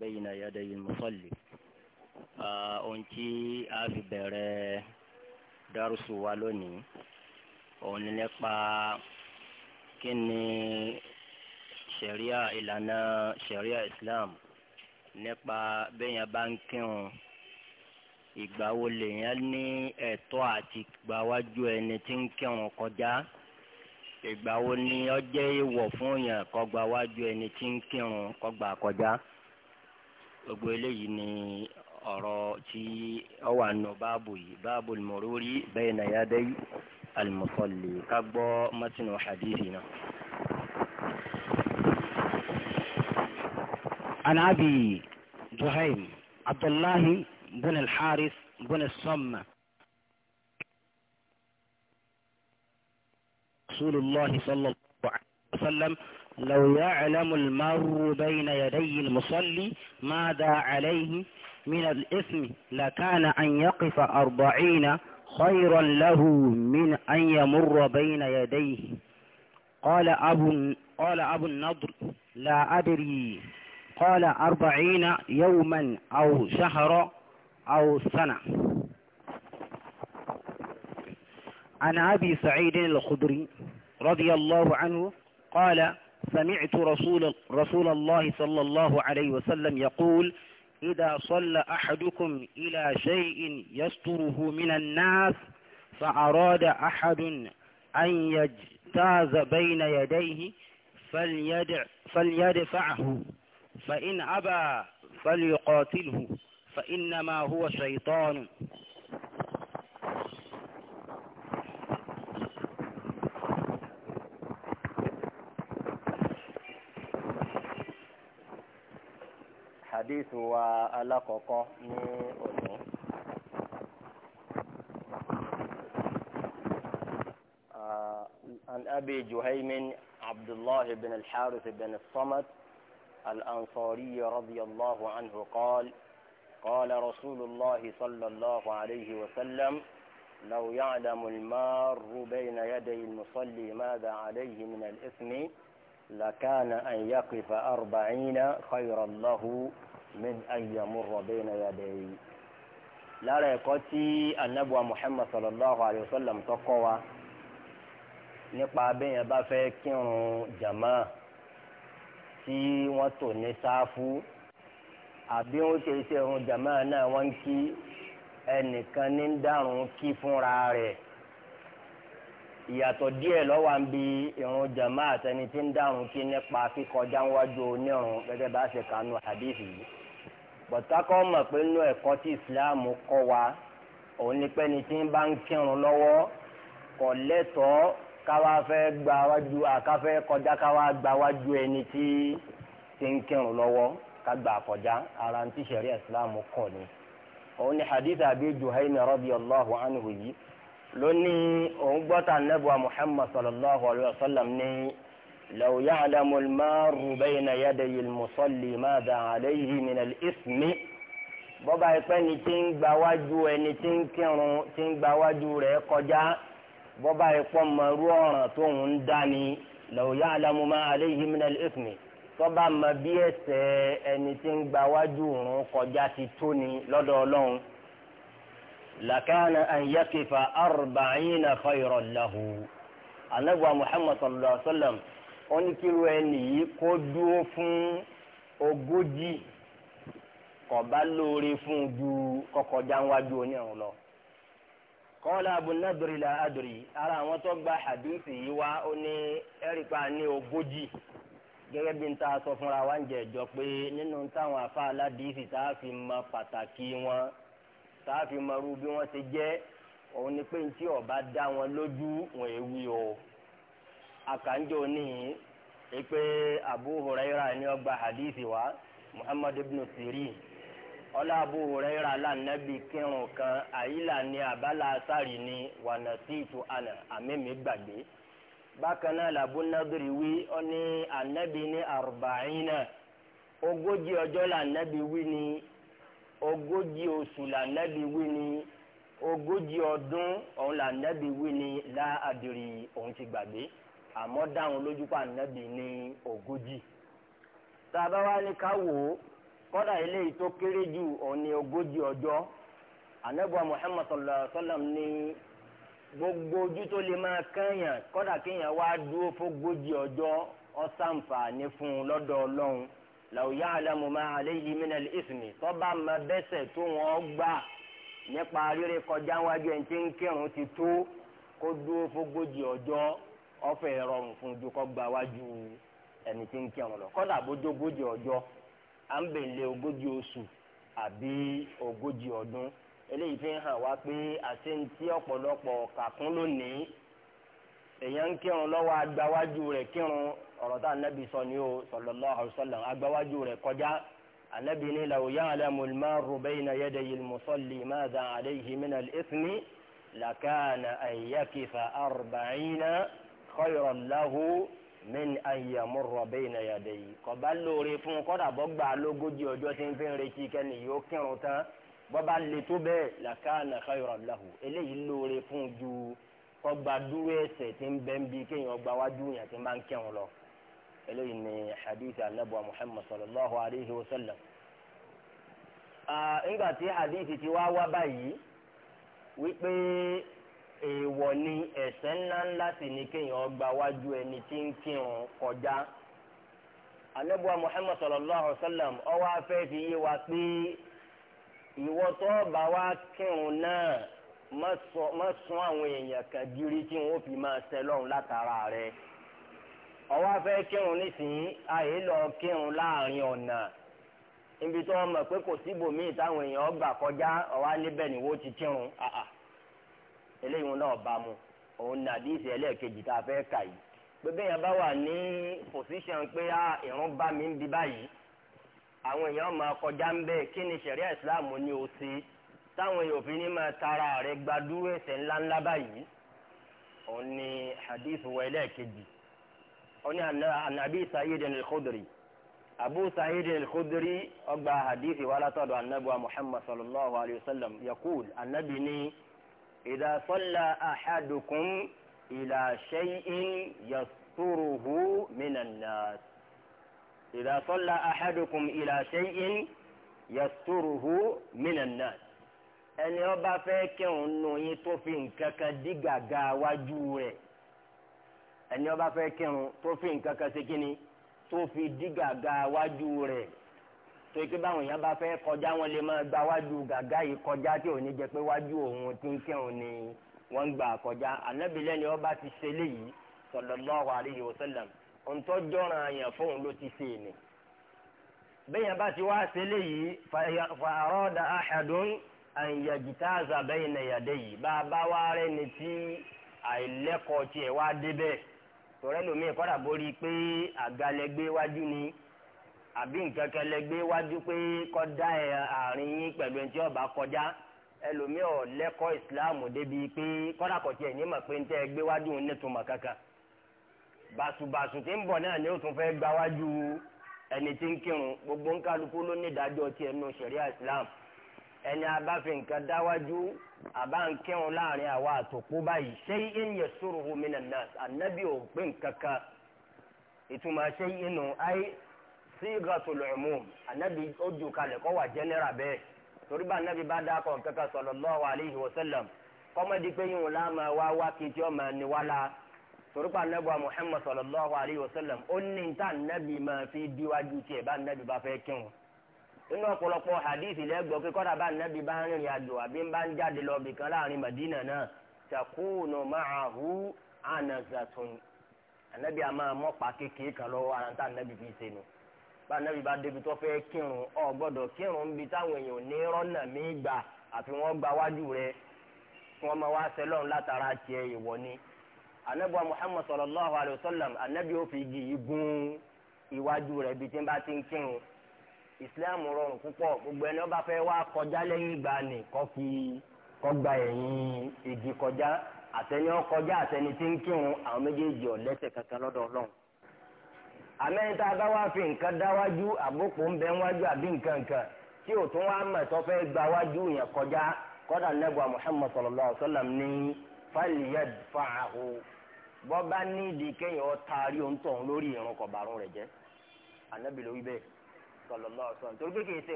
bayna yaday al-musalli ohun tí a fi bẹ̀rẹ̀ dárúsù wa lónìí òun ni nípa kí ni ṣẹ̀ríà ìlànà ṣẹ̀ríà Islam nípa bẹ́yẹn bá ń kírun ìgbà wo lèèyàn ní ẹ̀tọ́ àti ìgbà wájú ẹni tí ń kírun kọjá ìgbà wo ni ó jẹ́ èèwọ̀ fún yàn kó gbà wájú ẹni tí ń kírun kó kọjá. gbogbo eléyìí ni ọ̀rọ̀ tí ó wà nù báàbù yìí báàbù mọ̀rúurí bayna yá dé musalli ká gbọ́ mọ́tìnú hadithi náà. عن أبي جهيم عبد الله بن الحارث بن الصمة رسول الله صلى الله عليه وسلم لو يعلم المرء بين يدي المصلي ماذا عليه من الإثم لكان أن يقف أربعين خيرا له من أن يمر بين يديه قال أبو, قال أبو النضر لا أدري قال أربعين يوما أو شهر أو سنة عن أبي سعيد الخدري رضي الله عنه قال سمعت رسول, رسول الله صلى الله عليه وسلم يقول إذا صلى أحدكم إلى شيء يستره من الناس فأراد أحد أن يجتاز بين يديه فليدع فليدفعه فإن أبى فليقاتله فإنما هو شيطان hadith wa من ní عن أبي جهيم عبد الله بن الحارث بن الصمت الأنصاري رضي الله عنه قال قال رسول الله صلى الله عليه وسلم لو يعلم المار بين يدي المصلي ماذا عليه من الإثم لكان أن يقف أربعين خيرا له min an yamurra bayna yadayi lára ẹ̀kọ́ tí anabuwa muhammad sallallahu alayhi wa sallam tó kọ́ wa nípa abẹ́yẹn bá fẹ́ kírun jama tí wọ́n tò ní sáfù àbí wọ́n ṣe ṣe irun jama náà wọ́n ń kí ẹnìkan ní dárun kí fúnra rẹ̀ ìyàtọ̀ díẹ̀ ló ń bi irun jama àtẹni tí ń dárun kí nípa kíkọjá wájú onírun gẹ́gẹ́ bá ṣe kánú hadisi yìí bọ̀tákọ́ mọ̀ pé nínú ẹ̀kọ́ tí islam kọ́ wa òun ni pé ni tí ń bá ń kírun lọ́wọ́ kò lẹ́tọ̀ọ́ káwa fẹ́ gba wájú àkáfẹ́ kọjá káwa gba wájú ẹni tí ti ń kírun lọ́wọ́ ká gbà kọjá ara ń tí sẹ̀rí islam kọ́ ni òun ni hadith abi juhayna radiyallahu anhu yìí lónìí òun gbọ́ta nebo muhammad sallallahu alayhi wa sallam ní. لو يعلم المار بين يدي المصلي ماذا عليه من الإثم bọ́ba ẹ̀pẹ́ ni tí ń gba wájú ẹni tí ń kírun tí ń gba لو يعلم ما عليه من الإثم tọ́ba mọ bí ẹ̀ṣẹ̀ ẹni tí ń gba wájú òun kọjá ti tó ni lọ́dọ̀ ọlọ́run làkàna an yakifa arba'ina khayran lahu anagba muhammad sallallahu alaihi wa sallam wọ́n ní kí irú ẹni yìí kó dúró fún ogójì kò lóore fún un ju kọkọjá wájú oníhàn lọ. kọ́lá abunadori la adori ara àwọn tó gba hadith yìí wá ó ní ẹ̀rípa ní ogójì gẹ́gẹ́ bí n ta sọ fúnra wa ń jẹ́ ìjọ pé nínú táwọn afa aládìsí tá a fi mọ pàtàkì wọn tá a fi mọ irú bí wọ́n ṣe jẹ́ òun ni pé ntí ọba dá wọn lójú wọn èwì o akanjo níyìn ipe abu huraira ni ọgbà hadithi wa Muhammad ibn sirin ọlá abu huraira lànàbí kírun kan àyílà ni abala asari ni wànàsíìtù àná àmẹ́mi gbàgbé bákan náà làbú nàdúrì wí ọ ní ànábì ní àrùbáyínà ogójì ọjọ́ lànàbí wí ni ogójì oṣù lànàbí wí ni ogójì ọdún òun lànàbí wí ni láàdìrí òun ti gbàgbé àmọ́ dáhùn lójú pa ànábì ní ogójì tá a bá wá ní ká wò ó kọ́dà eléyìí tó kéré jù òun ní ogójì ọjọ́ ànábì Muhammad sallallahu alaihi wasallam ní gbogbo ojú tó lè máa kẹ́yàn kọ́dà kéèyàn wá dúró fógójì ọjọ́ ọ̀sánfààní fún un lọ́dọ̀ ọlọ́run law ya'lamu ma alayhi minal ismi tọ́ba ma bẹ́sẹ̀ tó wọ́n gbà nípa rírẹ́ kọjá wájú ẹni tí ń kírun ti tó kó dúró fógójì ọjọ́ ọfẹ rọrùn fún ojú kọ gba wájú ẹni tí ń kírun lọ kódà bójú ogójì ọjọ́ à ń bèlè ogójì oṣù àbí ogójì ọdún eléyìí fi hàn wá pé àti ń tí ọ̀pọ̀lọpọ̀ kàkún lónìí èèyàn ń kírun lọ́wọ́ agbáwájú rẹ̀ kírun ọ̀rọ̀ tá ànábì sọ ni ó sallallahu alaihi agbáwájú rẹ̀ kọjá ànábì ní law ya'lamu al-marru bayna yadayi al-musalli madha alayhi min al-ithmi lakana an yakifa arba'ina khayran lahu min an yamurra bayna yadayhi kọba lóore fún kọ́dà bọ́ gbà lógójì ọjọ́ tí ń fi retí kẹ́ni yóò kírun tán bọ́ba lè tó bẹ́ẹ̀ lakana khayran lahu eléyìí lóore fún ju kọ́gba dúró ẹsẹ̀ tí ń bẹ́ ń bi kéèyàn gba wájú yẹn tí ń bá ń kírun lọ eléyìí ni hadith anabu muhammad sallallahu alayhi wa sallam nígbà tí hadith ti wá wá báyìí wípé èèwọ̀ ni ẹ̀ṣẹ̀ ńláńlá sì ni kéèyàn gba wájú ẹni tí ń kírun kọjá anabuwa muhammad sallallahu alaihi wa sallam ọwọ́ afẹ́ fi yé wa pé ìwọ tó bá wá kírun náà má sún àwọn èèyàn kan gírí tí wọn fi máa ṣẹ lọ́run látara rẹ̀ ọwọ́ afẹ́ kírun nísìnyí àyè lọ kírun láàrin ọ̀nà níbi tó wọn mọ̀ pé kò síbòmíì táwọn èèyàn gbà kọjá ọwọ́ alẹ́ ni wọ́n ti kírun eléyìí wọn náà bá mu òun ní àdíìsì ẹlẹ́ẹ̀kejì tá a fẹ́ kà yìí pé bẹ́ẹ̀ yẹn bá wà ní pòsíṣàn pé á ìrún bá mi ń di báyìí àwọn èèyàn máa kọjá ń bẹ́ẹ̀ kí ni sẹ̀ríà ìsìláàmù ni o ṣe táwọn èèyàn òfin ní máa tara rẹ̀ gbadúró ẹ̀ṣẹ̀ ńláńlá báyìí òun ní àdíìsì wọ ẹlẹ́ẹ̀kejì òun ní ànàbí Sa'id al-Khudri abu sa'id al-khudri ọgbà hadithi wala tọdọ muhammad sallallahu alayhi wa sallam yakul anabi ni إذا صلى أحدكم إلى شيء يستره من الناس إذا صلى أحدكم إلى شيء يستره من الناس ẹni ọba fẹ́ kírun nù yín tó fi nǹkan kan dí gàgà wájú rẹ̀ ẹni ọba fẹ́ kírun tó fi nǹkan kan ṣe kíni tó fi dí gàgà wájú rẹ̀ tó yẹ kí báwọn èèyàn bá fẹ́ kọjá wọn lè máa gba wájú gàgá yìí kọjá tí ò ní jẹ pé wájú òun ti ń kírun ni wọ́n ń gbà kọjá ànábì lẹ́ni ọba ti ṣe léyìí sallallahu alayhi wa sallam ntọ́jọ́ràn àyàn fóun ló ti ṣe ni. bẹ́ẹ̀ bá ti wá ṣe léyìí fa arada ahadun an yajtaza bayna yadayhi bá a bá wá rẹ̀ ni tí àìlẹ́kọ̀ọ́ tiẹ̀ wá débẹ̀ tọ́rẹ́ lómi ìkọ́dà borí pé àgàlẹ́gbé wájú ni àbí nǹkan kan lẹ gbé wájú pé kọ́ dá ẹ àárín yín pẹ̀lú ẹni tí ọba kọjá ẹlòmíì ò lẹ́kọ̀ọ́ ìsìláàmù débi pé kọ́dà kọ̀tì ẹ̀ ní mọ̀ pé ń tẹ́ ẹ gbé wájú ní túmọ̀ kankan bàṣùbàṣù tí ń bọ̀ náà ni ó tún fẹ́ gba wájú ẹni tí ń kírun gbogbo ń kálukú ló ní ìdájọ́ ti ẹnu ṣẹ̀ríà ìsìláàmù ẹni abáfin nǹkan dáwájú àbá ń kírun láàrin àwa àtòkú báyìí ṣé ìyẹn sòrò omi nàná ànábì ò pé nǹkan kan ìtumọ̀ ṣé inú ayé sigatul umum anabi o ju kalẹ̀ kọ́ wà general bẹ́ẹ̀ torí bá anabi bá dá kọ̀ kẹ́kẹ́ sallallahu alayhi wa sallam kọ́mọ́dé pé yín wòlá máa wá wá kí tí ó máa ní wá la torí pa anabi wa muhammad sallallahu alayhi wa sallam ó ní níta anabi máa fi díwájú tiẹ̀ bá anabi bá fẹ́ kí wọn. inú ọ̀pọ̀lọpọ̀ hadith lẹ́gbọ̀ọ́ pé kọ́dà bá anabi bá ń rìnrìn àjò àbí ń bá ń jáde lọ bìkan láàrin madina náà takunu ma'ahu anazatun anabi a máa mọ́pa kékeré kan lọ́wọ́ ara ń anabi fi bánabi bá débi tó fẹ́ kírun ọ gbọdọ kírun ń bi táwọn èèyàn ní rọ́nà mí gbà àfi gba wájú rẹ kí wọ́n máa wá sẹ́lọ̀n látara tiẹ̀ ìwọ ni. anabiwa muhammad sallallahu anabi ó fi igi yìí gún iwájú rẹ bí tí ti ń islam rọrùn púpọ̀ gbogbo ẹni ó bá fẹ́ wá kọjá lẹ́yìn ìgbà ni kọ́ fi kọ́ gba ẹ̀yìn igi kọjá kankan àmẹ́yìn tá a fi nǹkan dáwájú àbókò ń bẹ wájú àbí nǹkan kan tí o tún wá mọ̀ tó fẹ́ gba wájú yẹn kọjá kọ́dà nẹ́gbà Muhammad sallallahu alaihi wasallam ní falyadfa'hu bọ́ bá ní ìdí lórí kọ̀bàrún rẹ̀ jẹ́ ló wí bẹ́ẹ̀ sallallahu torí pé kìí ṣe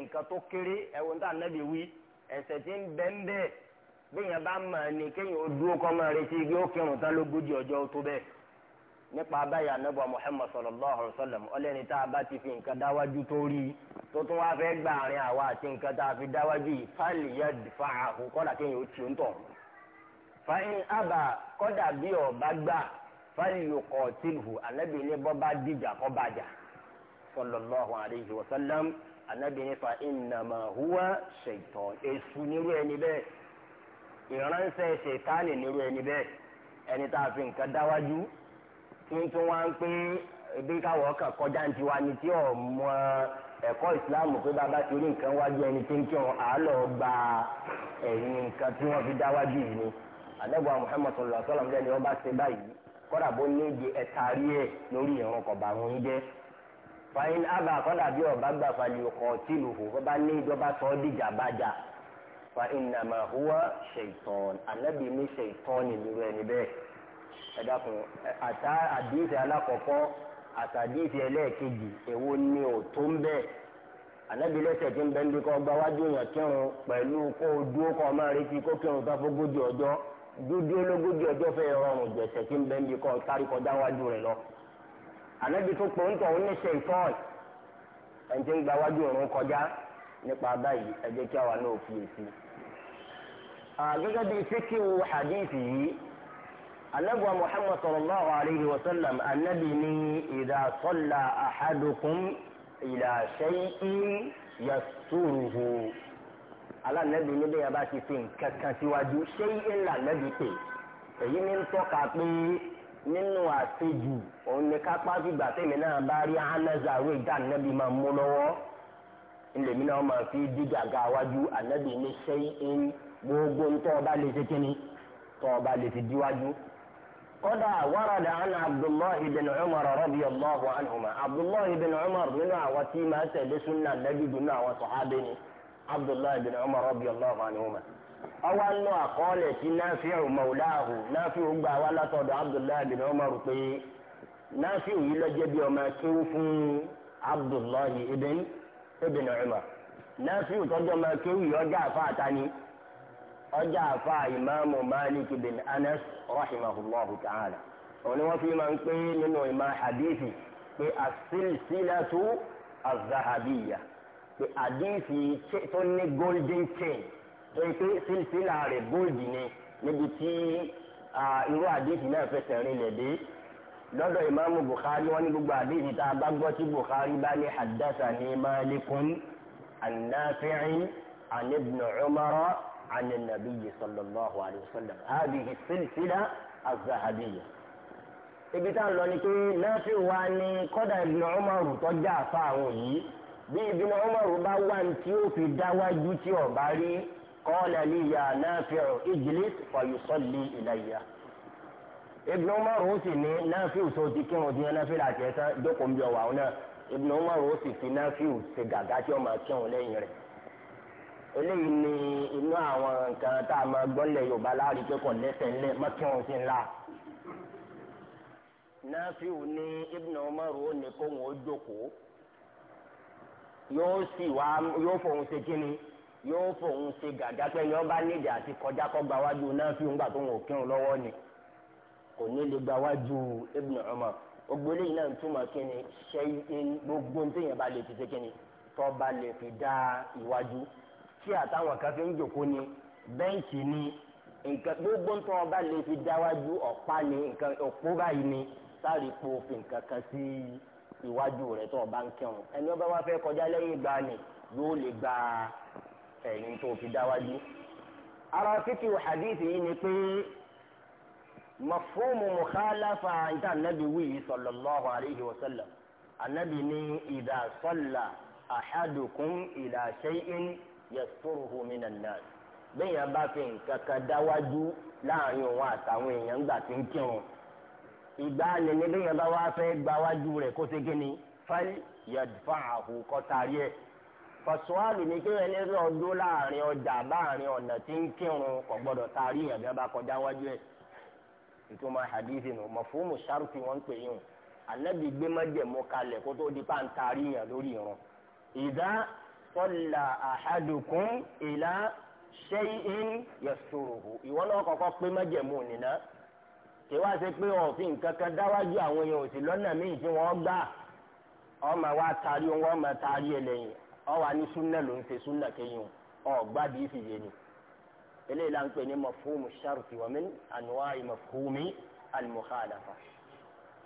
nǹkan nípa abáyà anábọ̀ Muhammad sallallahu alayhi wa sallam ọlẹ́ni tá a bá ti fi nǹkan dáwájú tó rí tó tún wáá fẹ́ gbà àárín àwa àti nǹkan tá a fi dáwájú yìí falyadfa'hu kọ́dà kéèyàn ó tì ń tọ̀ fa in aba kọ́dà bí ọba gbà falyuqatilhu anábì ní bọ́ba dìjà kọ́ bàjà sallallahu alayhi wa sallam anábì ní fa innama huwa shaytan èṣù nírú ẹni bẹ́ẹ̀ ìránṣẹ́ ṣètánì nírú ẹni bẹ́ẹ̀ ń tún wá ń pín ebi káwọ́ kan kọjá ní tiwa ni tí ò mọ ẹ̀kọ́ ìsìláàmù pé bàbá ti rí nǹkan wájú ẹni tí ń kí wọn àálọ̀ gba ẹ̀yìn nǹkan tí wọ́n fi dá wájú yìí ni àdẹ́gbà Muhammad sallallahu alaihi wasallam ni wọ́n bá ṣe báyìí kọ́dà bó níbi ẹ̀ta rí ẹ̀ lórí ìrún kọ̀ọ̀bà wọn jẹ́ fain abba kọ́dà bí ọba gbà falẹ̀ ọkọ̀ tìlùkù kó bá ní ìjọba sọ ọ́ dìjà bájà fa innama huwa shaitan ẹ dákun àtà àdìsí alákọ̀ọ́kọ́ àtàdìsí ẹlẹ́ẹ̀kejì èwo ni ò tó ń bẹ́ẹ̀ tí ń bẹ́ẹ̀ kọ́ gba wájú yàn kírun pẹ̀lú kó o dúró kọ́ ọ máa retí kó kírun tó fógójì ọjọ́ dúdú ológójì ọjọ́ fẹ́ rọrùn jẹ̀sẹ̀ tí ń bẹ́ẹ̀ ń kọ́ kárí kọjá wájú rẹ̀ lọ. tó pọ̀ ń tọ̀ ń النبوة محمد صلى الله عليه وسلم النبي إذا صلى أحدكم إلى شيء يستره على النبي نبي أباكي فين كتواجه شيء لا نبي فين èyí ní ń tọ́ka pé nínú àṣejù òun ni ká pàṣẹ ìgbà tẹ̀mí náà bá rí anaza àwọn ìdá ànábì máa mú lọ́wọ́ ńlẹ̀mí náà máa fi dídàgà wájú ànábì ní sẹ́yìn gbogbo ń tọ́ ọba lè ṣe kíni tọ́ ọba lè fi díwájú kódà wàràdà àná abdullahi bin umar rabi allahu anhuma abdullahi bin umar nínú àwọn tí màá tẹ̀lé sunna nabi nínú àwọn sọ̀hábì ni abdullahi bin umar rabi allahu anhuma. ọwọ́ nù àkọọ́lẹ̀ tí nafi'u mawlahu nafi'u gbà wá látọ̀dọ̀ abdullahi bin umar pé nafi'u yìí lọ jẹ́ bí ọmọ kéwú fún abdullahi ibn ibn umar nafi'u tọ́jọ́ ọmọ kéwú yìí ọjà àfa àtàní ọjà àfa ìmáàmù Malik bin Anas rahimahullahu ta'ala òun ni wọ́n fi máa ń pè nínú ìmọ̀ hadithi pé as-silsilatu az-zahabiyya pé hadithi tó ní golden chain tó ń pè sílsílà rẹ̀ gold ni níbi tí irú hadithi náà fẹsẹ̀ rinlẹ̀ dé lọ́dọ̀ ìmáàmù Bukhari wọ́n ní gbogbo hadithi tá a bá gbọ́ tí Bukhari bá ní haddathani Malikun an-Nafi'in an عن النبي صلى الله عليه وسلم هذه السلسلة الذهبية ibi tá à ń lọ ni pé Nafi wa ni kọ́dà Ibn Umar tọ́jà fáwọn yìí bí Ibn Umar bá wà ní tí ó fi dáwájú tí ọba rí qala li ya Nafi ijlis fa yusalli ilayya. Ibn Umar ó sì ní Nafi òṣò ti kírun ti yan Nafi làtẹ̀ tán ọ̀hún náà Ibn Umar sì fi Nafi ṣe gàgá tí ó máa kírun lẹ́yìn rẹ̀ eléyìí ni inú àwọn nǹkan tá a máa gbọ́ lẹ̀ yorùbá láàrin pé kò lẹ́sẹ̀ ńlẹ̀ mọ́kìrún sí ńlá. Nafiu ní Ibn Umar ó ní kóun ó jókòó yóò sì wá yóò fòun ṣe kíni yóò fòun ṣe gàgà pé yóò bá nídìí àti kọjá kọ́ gba wájú Nafiu ńgbà tó ń wò kírun lọ́wọ́ ni kò ní lè gba wájú Ibn Umar gbogbo eléyìí náà ń túmọ̀ kíni ṣẹ́yìn gbogbo ní tí àtàwọn kan fi ń jòkó ni bẹ́ǹkì ni nǹkan gbogbo ń tọ́ ọba lè fi dáwájú ọ̀pá ni nǹkan òpó báyìí ni sáré po fi nǹkan kan sí iwájú rẹ̀ tó ọba ń kírun ẹni ọba wa fẹ́ kọjá lẹ́yìn ìgbà ni yóò lè gba ẹ̀yìn tó fi dáwájú. ara fífi hadith yìí ni pé mafhumu mukhalafa níta anabi wíyí sallallahu alayhi wa sallam anabi ní idha salla ahadukum ila shay'in yasturuhu minan nas bẹ́ẹ̀ yẹn bá fi nǹkan kan dáwájú láàrin òun àtàwọn èèyàn ńgbà tí ń kírun ìgbà alẹ́ ni bẹ́ẹ̀ yẹn bá wá fẹ́ gbáwájú rẹ̀ kó segin ni fal yadfa'ahu kọ́tàrí ẹ̀ fasuwali ni kí ẹni lọ dó láàrin ọjà báàrin ọ̀nà tí ń kírun kò gbọ́dọ̀ taari yẹn bẹ́ẹ̀ bá kọjá wájú ẹ̀ ìtumọ̀ hadithi nù mafhumu sharti wọn pè yín o anabi gbé májẹ̀mú kalẹ̀ kó di pa ń taari yẹn lórí irun ìdá sọ́là àhádùkún ìlà ṣẹ́yìn yẹ̀sùrùhù ìwọ náà kọ́kọ́ pé májẹ̀mú nìna kí wá ṣe pé òfin nǹkan kan dáwájú àwọn èèyàn òsì lọ́nà míì tí wọ́n gbà ọmọ wa taari wọn ọmọ taari ẹlẹ́yìn ọwọ́ àní súnà ló ń ṣe súnà kẹ́yìn ọ̀gbá bíi fìyé ni eléyìí la ń pè ní mafhumu sharti wa min anwa'i mafhumi al-mukhalafa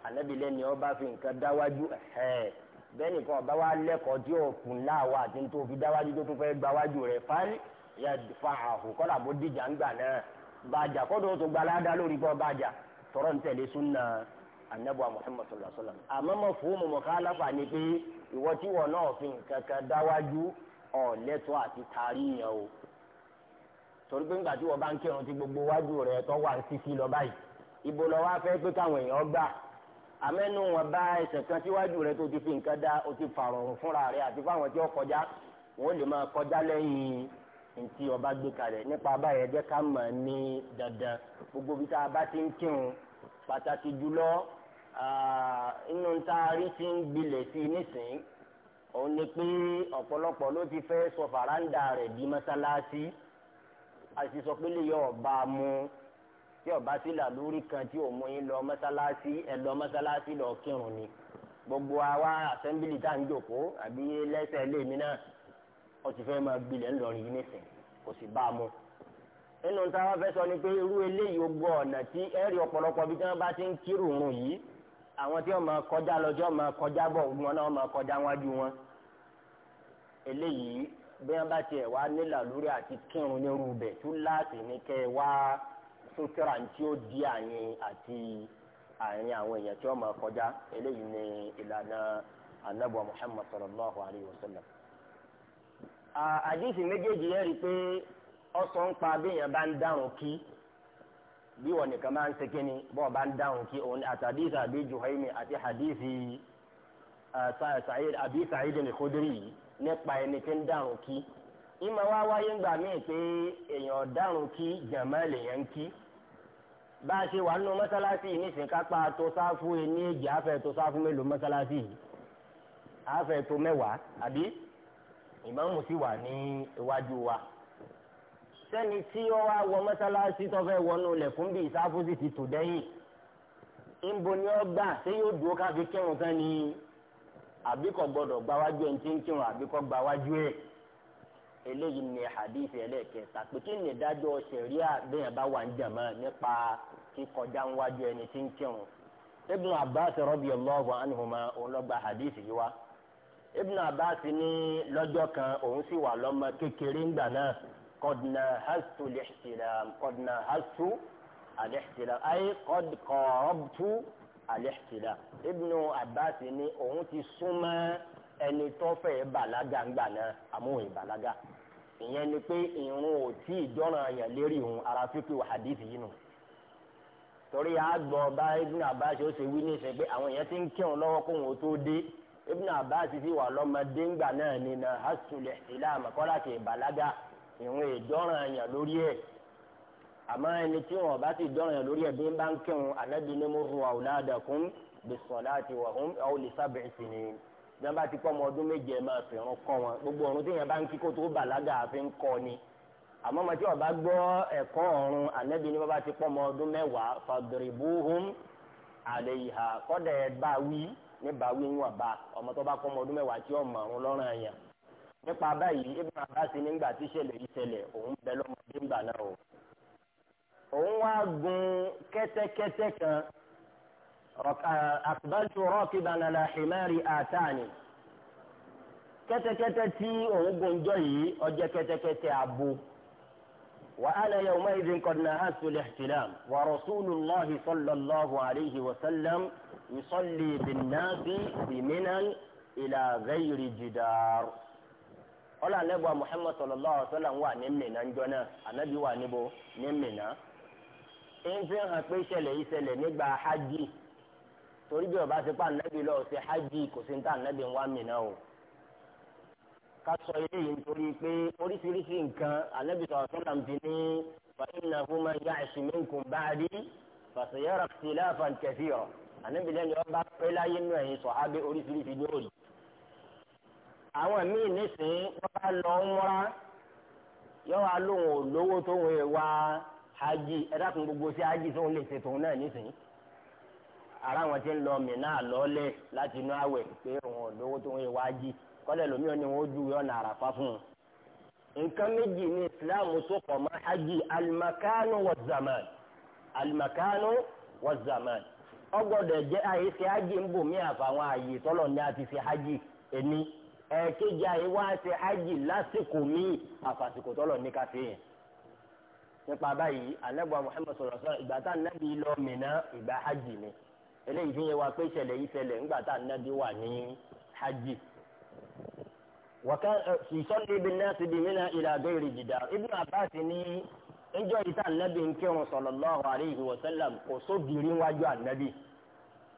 ànábìlẹ́ni ọba fi nǹkan dáwájú ẹ̀hẹ́ẹ̀ bẹ́ẹ̀ni kan ọba wa lẹ́kọ̀ọ́ tí yóò kùn láwa àti tó fi dáwájú tó tún fẹ́ gbáwájú rẹ̀ fán yẹ fa àhùn kọ́lá bó dìjà ńgbà náà bàjà kọ́dọ̀ tó gbalada lórí bọ́ bàjà tọrọ ń tẹ̀lé súnà anabuwa muhammad sallallahu alaihi wa sallam àmọ́ mọ̀ fún mọ̀ kálàfà ni pé ìwọ tí wọn náà fi nǹkan kan dáwájú ọ̀lẹ́tọ̀ àti taari yẹn o torí pé ńgbà tí wọn bá ń kírun ti gbogbo wájú rẹ̀ tó wà ń sisi lọ báyìí ibo lọ wá fẹ́ pé káwọn èèyàn gbà àmẹ́nu wọn bá ẹsẹ̀ kan síwájú rẹ tó ti fi nǹkan dá o ti fàrọ̀rùn fúnra rẹ àti fáwọn tí ó kọjá wọn ò lè máa kọjá lẹ́yìn ntí ọba gbé kalẹ̀ nípa báyẹn jẹ́ ká mọ̀ ní dandan gbogbo bí tá a bá ti ń kírun pàtàkì jùlọ inú tá a rí ti ń gbilẹ̀ sí i nísìnyí òun ni pé ọ̀pọ̀lọpọ̀ ló ti fẹ́ sọ fàráǹdà rẹ̀ di mọ́sálásí a sì sọ pé lè yọ ọba mu tí ọba sí làlórí kan tí ò mú yín lọ mọ́sálásí ẹ lọ mọ́sálásí lọ kírun ni gbogbo àwa assembly tá à ń jòkó àbí lẹ́sẹ̀ lèmi náà ó ti fẹ́ máa gbilẹ̀ ńlọrin yìí nìsín kò sì bá a mú. nínú táwa fẹ́ sọ ni pé irú eléyìí gbọ́ ọ̀nà tí ẹ̀rí ọ̀pọ̀lọpọ̀ bí tí wọ́n bá ti ń kírun òun yìí àwọn tí wọ́n máa kọjá lọ́jọ́ máa kọjá bọ̀ wọn náà máa kọjá wájú wọn. eléyìí bí wọ́n bá tiẹ̀ wá nílà àti kírun nírú bẹ̀ tún láti ní kẹ́ wá fúnkẹ́rà tí ó di àyìn àti àyìn àwọn èèyàn tí wọ́n máa kọjá eléyìí ni ìlànà anabu muhammad sallallahu alayhi wa sallam. àdìsí méjèèjì yẹn rí i pé ọsọ ń pa béèyàn bá ń dáhùn kí bí wọn nìkan máa ń ṣe kíni bọ́ọ̀ bá ń dáhùn kí òun àtàdìsí àbí juhaimi àti àdìsí àbí sa'id al-khudri yìí nípa ẹni tí ń dáhùn kí ìmọ̀ wá wáyé ńgbà míì pé èèyàn dáhùn kí jàmáà lèèyàn ń kí bá a ṣe wà nínú mọ́sálásí yìí nísìnyí kápá tó sáfù ní èjì àfẹ́ tó sáfù mélòó mọ́sálásí yìí àfẹ́ tó mẹ́wàá àbí ìmáàmù sì wà ní iwájú wa sẹ́ni tí ó wá wọ mọ́sálásí tó fẹ́ wọnú lẹ̀kùn bíi sáfù sì ti tò dẹ́yìn ńbo ni ó gbà ṣé yóò dúró ká kírun tán ni àbí gbọdọ̀ gbáwájú ẹ̀ ń tí ń kírun àbí gbáwájú ẹ̀ eléyìí ni hadith ẹlẹ́kẹta pé kí ni ìdájọ́ sẹ̀ríà bẹ́ẹ̀ bá wà ń jàmọ́ nípa kíkọjá ńwájú ẹni tí ń kírun ibn abbas radiyallahu anhuma òun ló gba hadith yìí wá ibn abbas ní lọ́jọ́ kan òun sì wà lọ́mọ kékeré ńgbà náà kọ́dùnà hastu lihtilam kọ́dùnà hastu alihtilam ayé kọ́dùkọ́rọ́btu alihtilam ibn abbas ní òun ti súnmọ́ ẹni tó fẹ́ bàlágà ńgbà náà àmúhùn ìbàlágà ìyẹn ni pé ìrun ò tí ì jọ́ràn àyàn lérí òun ara fífi hadithi yìí nù torí àgbọ̀ bá Ibn Abbas ó ṣe wí ní ìṣe pé àwọn èèyàn ti ń kírun lọ́wọ́ kó wọn ó tó dé Ibn Abbas sì wà lọ́mọdé ńgbà náà ní na hasulẹ̀ ìlà àmọ́kọ́lá kì í bàlágà ìrun ìjọ́ràn àyàn lórí ẹ̀ àmọ́ ẹni tí wọn bá ti dọ́rọ̀ yẹn lórí ẹbí bá ń kírun ànábi ní mo àwòlá àdàkùn bisolati wa hum aw li sab'i bí wọn bá ti kọ́ ọmọ ọdún méje ẹ máa fi irun kọ́ wọn gbogbo ọ̀run tí yẹn bá ń kí kó tó bàlágà àfi ń kọ́ ni àmọ́ ọmọ tí ọba gbọ́ ẹ̀kọ́ ọ̀run ànẹ́bí ni wọ́n bá ti pọ́ ọmọ ọdún mẹ́wàá fadribuhum alayha kọ́dẹ̀ báwí ní báwí ń wà bá ọmọ tó bá pọ́ ọmọ ọdún mẹ́wàá tí ọmọ ọ̀run lọ́rùn àyàn nípa báyìí Ibn àkùbájú rọ́ọ̀kìbá nàlá himari àtàní kẹ́tẹ́kẹ́tẹ́ tí òun gbòǹjọ́ yìí ọjẹ́ kẹ́tẹ́kẹ́tẹ́ àbò وأنا يومئذ قد نهزت الاحتلام ورسول الله صلى الله عليه وسلم يصلي بالناس بمنى إلى غير جدار ọlọ anagba Muhammad sallallahu alaihi wa sallam wà ní Mínà ńjọ́ náà Ànábì wà níbo ní Mínà ń fi hàn pé ìṣẹ̀lẹ̀ yìí ṣẹlẹ̀ nígbà hajj torí bí ọba ṣe pa ànábì lọ ṣe hajj kò sí ní tá ànábì ń wá mìíràn o ká sọ eléyìí nítorí pé oríṣiríṣi nǹkan ànábì sọ̀rọ̀ sọ́nà ń bi ní fàyínà fún máa yá ìṣìmínkùn báàdì fàṣẹyàrá tìlà fàǹkẹ̀fì ọ̀ ànábì lẹ́nu ọba pé láyé nù ẹ̀yìn sọ̀ ábẹ́ oríṣiríṣi lóòrì. àwọn míì nísìnyí wọ́n bá lọ ń múra yọ̀wá lóhùn olówó tó ń wá hajj ẹ̀dá kan gbogbo sí hajj tó ń lè ṣètò náà nísìnyí. ara wọn ti ń lọ mìíràn lọ́lẹ̀ láti inú àwẹ̀ pé òun lówó tó ń yẹ wájú kọ́lẹ̀ lómi ò ní wọ́n ju ọ̀nà àràfá fún un. nǹkan méjì ni islam tó pọ̀ mọ́ hajj alimakanu wa zaman alimakanu wa zaman ọgbọ́dọ̀ jẹ́ àyè ṣe hajj ń bò mí àfàwọn àyè tọ́lọ̀ ní àti ṣe hajj àyè wá ṣe hajj lásìkò àfàsìkò ní káfí eléyìí fi yẹ wa pé ìṣẹ̀lẹ̀ yìí ṣẹlẹ̀ ńgbà tá ànábi wà ní hajj wàkàn ìsọ́lé ibi náà ti di mìíràn ìlà abẹ́rẹ́ jìdá Ibn Abbas ní ńjọ́ yìí tá ànábi ń kírun sallallahu alayhi wa sallam kò sóbìrì wájú ànábi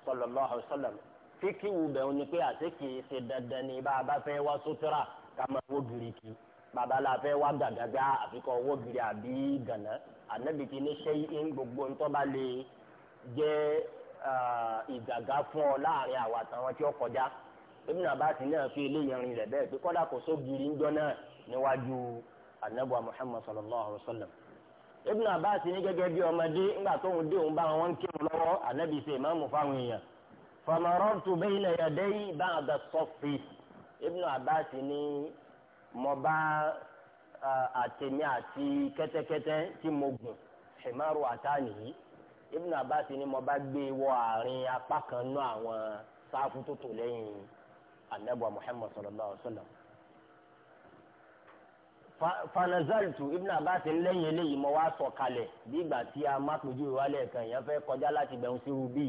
sallallahu alayhi fíkì wù bẹ́ẹ̀ ni pé àti kì í ṣe dandan ni bá a bá fẹ́ wá sutura ká máa wó gírí kí bàbá la fẹ́ wá gàgàgà àfikọ́ wó gírí àbí gànà ànábi ti ní sẹ́yìn gbogbo ńtọ́ bá lè jẹ́ ìjàgá fún ọ láàrin àwọn àtàwọn tí ó kọjá Ibn Abbas náà fi eléyìí rin rẹ̀ pé kọ́dà kò sóbìrì ńjọ náà níwájú anabuwa Muhammad sallallahu alayhi wa sallam Ibn Abbas ní gẹ́gẹ́ bí ọmọdé ńgbà tó ń dé òun bá wọn kírun lọ́wọ́ anabi ṣe ìmáàmù fáwọn èèyàn famarọ́tù bayna yaday ba'da sọ́fì Ibn ní mo bá àtẹ̀mí àti kẹ́tẹ́kẹ́tẹ́ tí mo gùn ṣèmárù yìí. Ibn Abbas ni mo bá gbé wọ àárín apá kan nú àwọn sáfù tó tò lẹ́yìn anabuwa Muhammad sallallahu alaihi wa sallam fanazaltu Ibn Abbas lẹ́yìn eléyìí mo wá sọ̀ kalẹ̀ bí ìgbà tí a má pèjú ìwálẹ̀ kan èèyàn fẹ́ kọjá láti bẹ̀rù sí rubí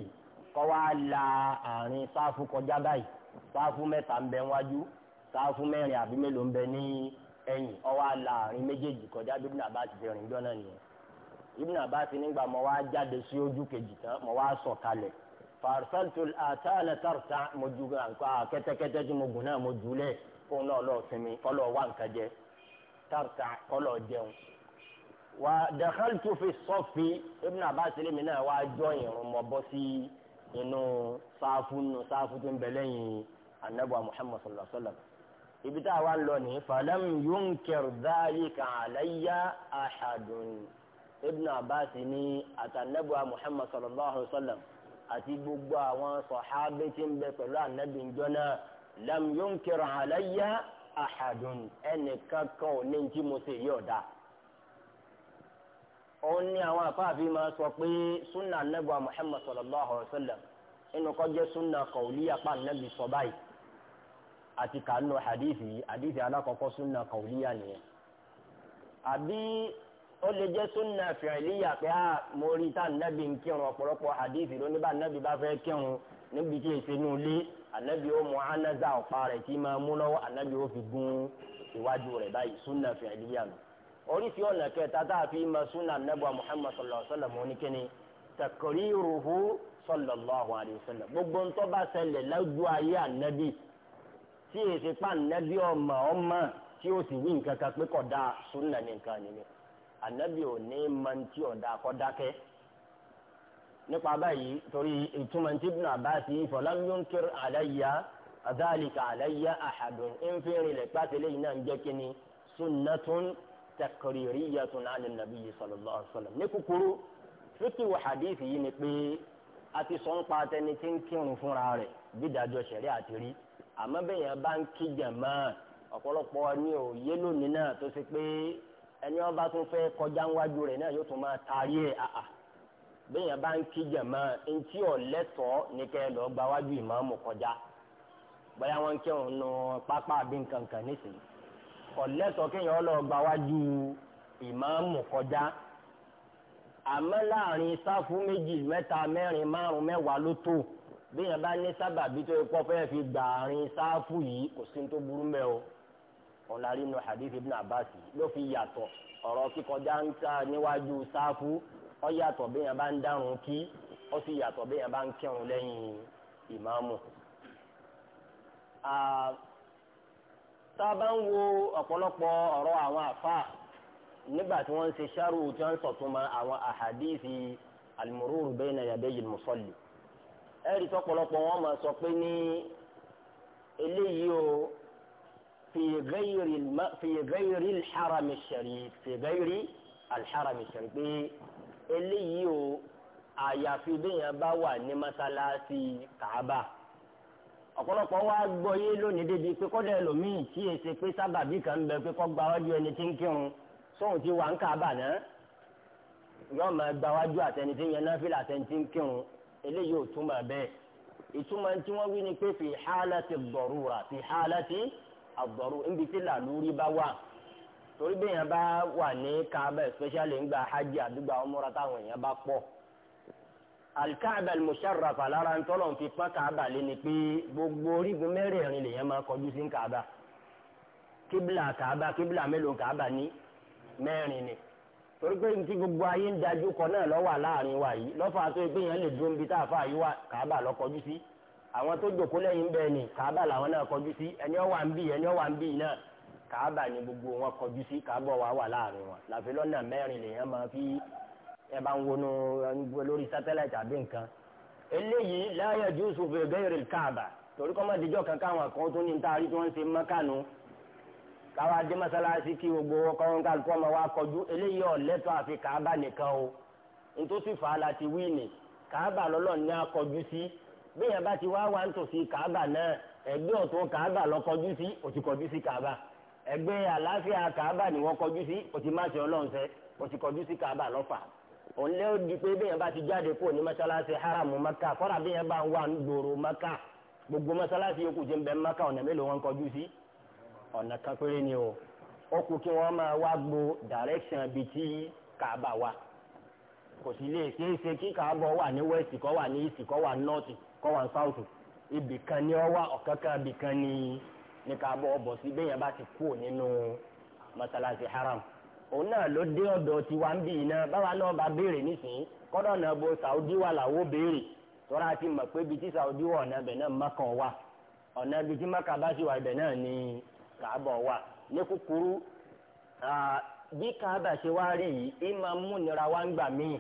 kọ́ wá la àárín sáfù kọjá báyìí sáfù mẹ́ta ń bẹ wájú sáfù mẹ́rin àbí mélòó ń bẹ ní ẹ̀yìn ọwọ́ àlà àárín méjèèjì kọjá bí Ibn Abbas ti rìn jọ́nà nìyẹn ibùdó àbá ti nígbà mọ wá jáde sí ojú kejì tán mọ wá sọ kalẹ̀ fàrṣàlùtò àtàlẹ tàrṣà mo ju nǹkan kẹ́tẹ́kẹ́tẹ́ tí mo gùn náà mo jù lẹ fún náà lọ sinmi kọlọ wá nǹkan jẹ tàrṣà kọlọ jẹun wà dàkàlùtò fi sọfì ibùdó àbá ti lèmi náà wá jọ ìrùn mọ bọ sí inú sáfù nù sáfù tó ń bẹ lẹ́yìn anabuwa muhammad sallallahu alaihi wa sallam ibi tá a wá lọ ní falam yunkir dhalika alayya ahadun. ibn abbas ní àtànẹ́bùa muhammad sallallahu alayhi wa sallam àti gbogbo àwọn sọ̀hábí tí ń bẹ pẹ̀lú ànábì ń jọ́nà lam yunkir alayya ahadun ẹnìkan kan ò ní tí mo ṣe yí ọ̀dà. òun ní àwọn àfáàfin máa sọ pé sunna ànábùa muhammad sallallahu alayhi wa sallam inú kọ́ jẹ́ sunna kọ̀ọ̀lì apá ànábì sọ báyìí àti kàánú hadithi hadithi alákọ̀ọ́kọ́ sunna kọ̀ọ̀lì yà nìyẹn. àbí ó lè jẹ́ súnà fìrìlíyà pé a ah, mo rí tá nàbì ń kírun ọ̀pọ̀lọpọ̀ hadith ló ní bá nàbì bá fẹ́ kírun níbi tí èsì nù lé ànábì ó mú anáza ọ̀pá rẹ̀ tí máa mú lọ́wọ́ ànábì ó fi gún iwájú rẹ̀ báyìí súnà fìrìlíyà nù oríṣi ọ̀nà kẹta tá a fi ma súnà nàbà Muhammad sallallahu alayhi wa sallam oníkẹ́ni takriruhu sallallahu alayhi wa sallam gbogbo ntọ́ bá ṣẹlẹ̀ lójú ayé ànábì tí èsì pa ànábì ọmọ ọmọ tí ó sì wí nǹkan kan pé kódà súnà nìkan nìyẹn ànábì ò ní mantí ọ̀dà kọ́dákẹ́ nípa báyìí torí ìtumọ̀ tí Ibn Abbas falam yunkir alayya dhalika alayya ahadun ìnfìrìn lè pàtẹ́ lẹ́yìn náà ń jẹ́ kínní sunnatun taqririyatun ala nabiyyi sallallahu alaihi wasallam ní kúkúrú fíkì wà hadith yìí ni pé a ti sọ ń pa atẹni tí ń kírun fúnra rẹ̀ bí dájọ́ sẹ̀rí àti rí àmọ́ bẹ́yẹn bá ń kí jàmáà ọ̀pọ̀lọpọ̀ ní òye lónìí náà tó ṣe pé ẹni ọba tún fẹ́ kọjá ńwájú rẹ̀ náà yóò tún máa taari ẹ̀ àà bẹ́ẹ̀ yẹn bá ń kí jàmá ntí ọ̀lẹ́tọ̀ọ́ ní kẹ́ ẹ lọ́ọ́ gbáwájú ìmáàmù kọjá bóyá wọ́n ń kírun nu pápá àbí nǹkan kan nísìnyí ọ̀lẹ́tọ̀ọ́ kéèyàn lọ́ọ́ gbáwájú ìmáàmù kọjá àmọ́ láàrin sáfù méjì mẹ́ta mẹ́rin márùn mẹ́wàá ló tó bẹ́ẹ̀ yẹn bá ní sábàbí tó yẹ kó fi gbàrin sáfù yìí kò sí ní tó burú mẹ́ o. ọ̀làrí nu hadith ibn abbas ló fi yàtọ̀ ọ̀rọ̀ kíkọjá ń ta níwájú sáfù ó yàtọ̀ bí yẹn bá ń dárun kí ó sì yàtọ̀ bí yẹn bá ń kírun lẹ́yìn ìmáàmù. a ń wo ọ̀pọ̀lọpọ̀ ọ̀rọ̀ àwọn àfáà nígbà tí wọ́n ń ṣe ṣáàrù tí wọ́n ń àwọn في غير الم... في غير الحرم الشريف في غير الحرم الشريف eléyìí o في béèyàn bá wà ní mọ́sálásí kàába ọ̀pọ̀lọpọ̀ wa gbọ́ yé lónìí débi pé kọ́dà ẹlòmíì tí e ṣe pé sábàbí kan bẹ pé kọ́ gba wájú ẹni tí ń kírun sóhun ti wà ń kàába náà yóò máa gba wájú àtẹni tí ń yẹn náà fìlà àtẹni tí ń kírun eléyìí ò túmọ̀ bẹ́ẹ̀ ìtumọ̀ tí wọ́n wí ni pé fi hálà ti dọ̀rúra fi hálà ti dọ̀rúra àgbọ̀rù níbi tí làlúrí bá wà torí bí èèyàn bá wà ní kaaba especially ńgbà hajj àdúgbò àwọn múra táwọn èèyàn bá pọ̀ alikaaba musharrafa lára ń tọ́lọ̀ fi pọ́n kaaba lé ni pé gbogbo orígun mẹ́rẹ̀ẹ̀rin lèèyàn máa kọjú sí kaaba kíbla kaaba kíbla mélòó kaaba ní mẹ́rin ni torí pé ní ti gbogbo ayé ń dájú kọ náà lọ́wọ́ láàrin wa yìí lọ́fà tó yẹ pé èèyàn lè dúró níbi tá a fà yí wa kaaba lọ́kọjú sí. Si àwọn tó jòkó lẹ́yìn bẹ́ẹ̀ ni kàábà làwọn náà kọjú sí ẹni ọ̀wà ń bì ẹni ọ̀wà ń bì náà kàábà ni gbogbo wọn kọjú sí kàábà wà wà láàrin wọn làfi lọ́nà mẹ́rin lèèyàn máa fi ẹ bá ń wọnú lórí sátẹ́láìtì àbí nǹkan eléyìí láyà jùsù fègéèrè kàábà torí kọ́ máa dijọ́ kan káwọn kan tó ní ntaari tí wọ́n ń ṣe mọ́kànú káwa dé mọ́sálásí kí gbogbo ọkọ̀ọ́n kálukọ́ máa wá bẹ́ẹ̀ bá ti wá wá nítòsí kàába náà ẹgbẹ́ ọ̀tún kàába lọ kọjú sí ó ti kọjú sí kàába ẹgbẹ́ àlàáfíà kàába ni wọ́n kọjú sí ó ti má ṣe ọlọ́run ṣe ti kọjú sí kàába lọ́fà òun lé di pé bẹ́ẹ̀ bá ti jáde kúrò ní mọ́ṣáláṣí haram maka fọ́nà bẹ́ẹ̀ bá ń wà maka gbogbo mọ́ṣáláṣí yòókù jẹ́ ń maka ọ̀nà mélòó wọn kọjú sí ọ̀nà ni o ó kú kí wọ́n máa gbo direction tí wa kò sí lè ṣeé ṣe kí wà ní kọwa wà ibi kan ni ọ wà ọ̀kankan kan ni ní ká bọ́ ọ sí bá ti kú nínú masalasi haram òun náà ló dé ọdọ tiwa ń bì iná báwa náà bá béèrè nísìnyí kọ́dọ̀ náà bo Saudi wà làwọ́ béèrè tọ́ra ti mọ̀ pé bíi ti Saudi wà ọ̀nà ibẹ̀ náà mọ́kàn wà ọ̀nà bá sì wà ibẹ̀ náà wà ní kúkúrú bí ṣe wá rí yìí wá ń gbà míì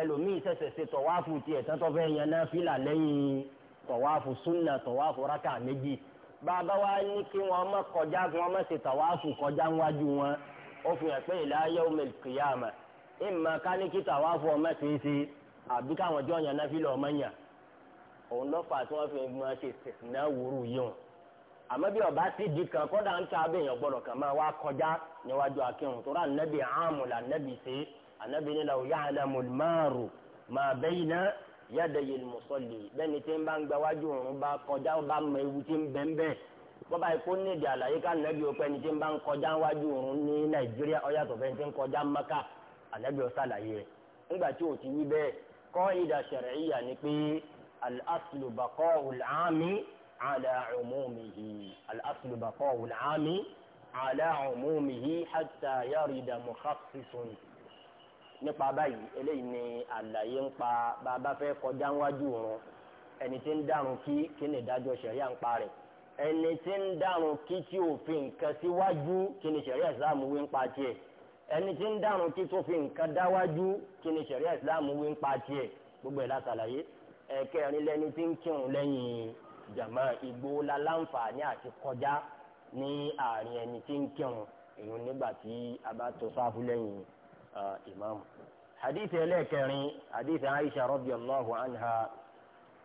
ẹlòmíì ṣẹ̀ṣẹ̀ ṣe tọ̀wáfù tiẹ̀ tán tó fẹ́ yan náfìlà lẹ́yìn tọ̀wáfù súnà tọ̀wáfù rákà méjì bàbá wa ní kí wọn má kọjá kí wọn má ṣe tọ̀wáfù kọjá ńwájú wọn ó fi hàn pé ìlà yaumil qiyama ìmọ̀ káníkì tọ̀wáfù ọmọ ṣeé ṣe àbí káwọn jọ yan náfìlà ọmọ yàn òun lọ́fà tí wọ́n fi mọ ṣe ṣèṣìnà wúrú yìí àmọ́ bí ọba ti di kan kọ́dà ń ta abẹ́yẹn gbọ́dọ̀ kàn máa wá kọjá níwájú akínrun tó rà nẹ́bí àmù nẹ́bí ṣe é anabi ni law ya'lamu al-maru ma bayna yadayi al-musalli bẹ́ẹ̀ni tí ń bá ń gba wájú òun bá kọjá bá mọ ewu tí ń bẹ́ẹ̀ bẹ́ẹ̀ bọ́ba ikú nídìí àlàyé ká nàbí òpẹ́ ni tí ń bá ń kọjá wájú òun ní nàìjíríà ọ̀yàtọ̀ fẹ́ ti ń kọjá maka àlẹ́bí ọ̀sàlàyé rẹ̀ tí ò ti wí bẹ́ẹ̀ kọ́ ìdá shar'iyya ni pé al-aslu baqa'ul 'ami 'ala 'umumihi al-aslu baqa'ul 'ami 'ala 'umumihi nípa báyìí eléyìí ni àlàyé ń pa bàbá fẹ́ kọjá wájú wọn ẹni tí ń dárun kí kí ni ìdájọ́ ṣẹ̀ríà ń pa rẹ̀ ẹni tí ń dárun kí tí òfin nǹkan síwájú kí ni ṣẹ̀ríà ìsìláàmù wí ń pa tiẹ̀ ẹni tí ń dárun kí tó fi nǹkan dáwájú kí ni ṣẹ̀ríà ìsìláàmù wí ń pa tiẹ̀ gbogbo ẹ̀ lásàlàyé ẹ̀kẹrin lẹni tí ń kírun lẹ́yìn jàmá igbó la láǹfààní àti kọjá ní àárín ẹni tí ń kírun èèyàn nígbà tí a bá tó sáfù lẹ́yìn yìí ìmáàmù. حديث لكري حديث عائشة رضي الله عنها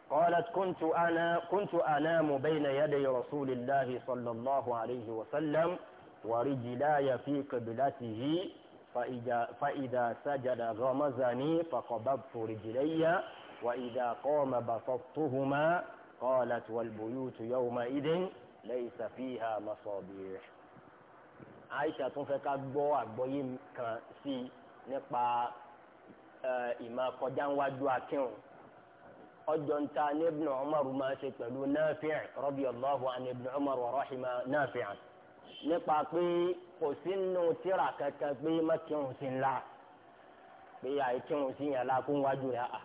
قالت كنت أنا كنت أنام بين يدي رسول الله صلى الله عليه وسلم ورجلاي في قبلته فإذا, فإذا سجد غمزني فقبضت رجلي وإذا قام بسطتهما قالت والبيوت يومئذ ليس فيها مصابيح عائشة تنفق أبو أبو يمكن nípa ìmọ̀ kọjá ńwájú akínrun ọjọ́ ń ta ní Ibn Umar máa ṣe pẹ̀lú Nafi' radiyallahu an Ibn Umar wa rahima Nafi' nípa pé kò sínú tíra kankan pé mọ́kírun sí ńlá pé àìkírun sí yàrá kó wájú rẹ̀ à.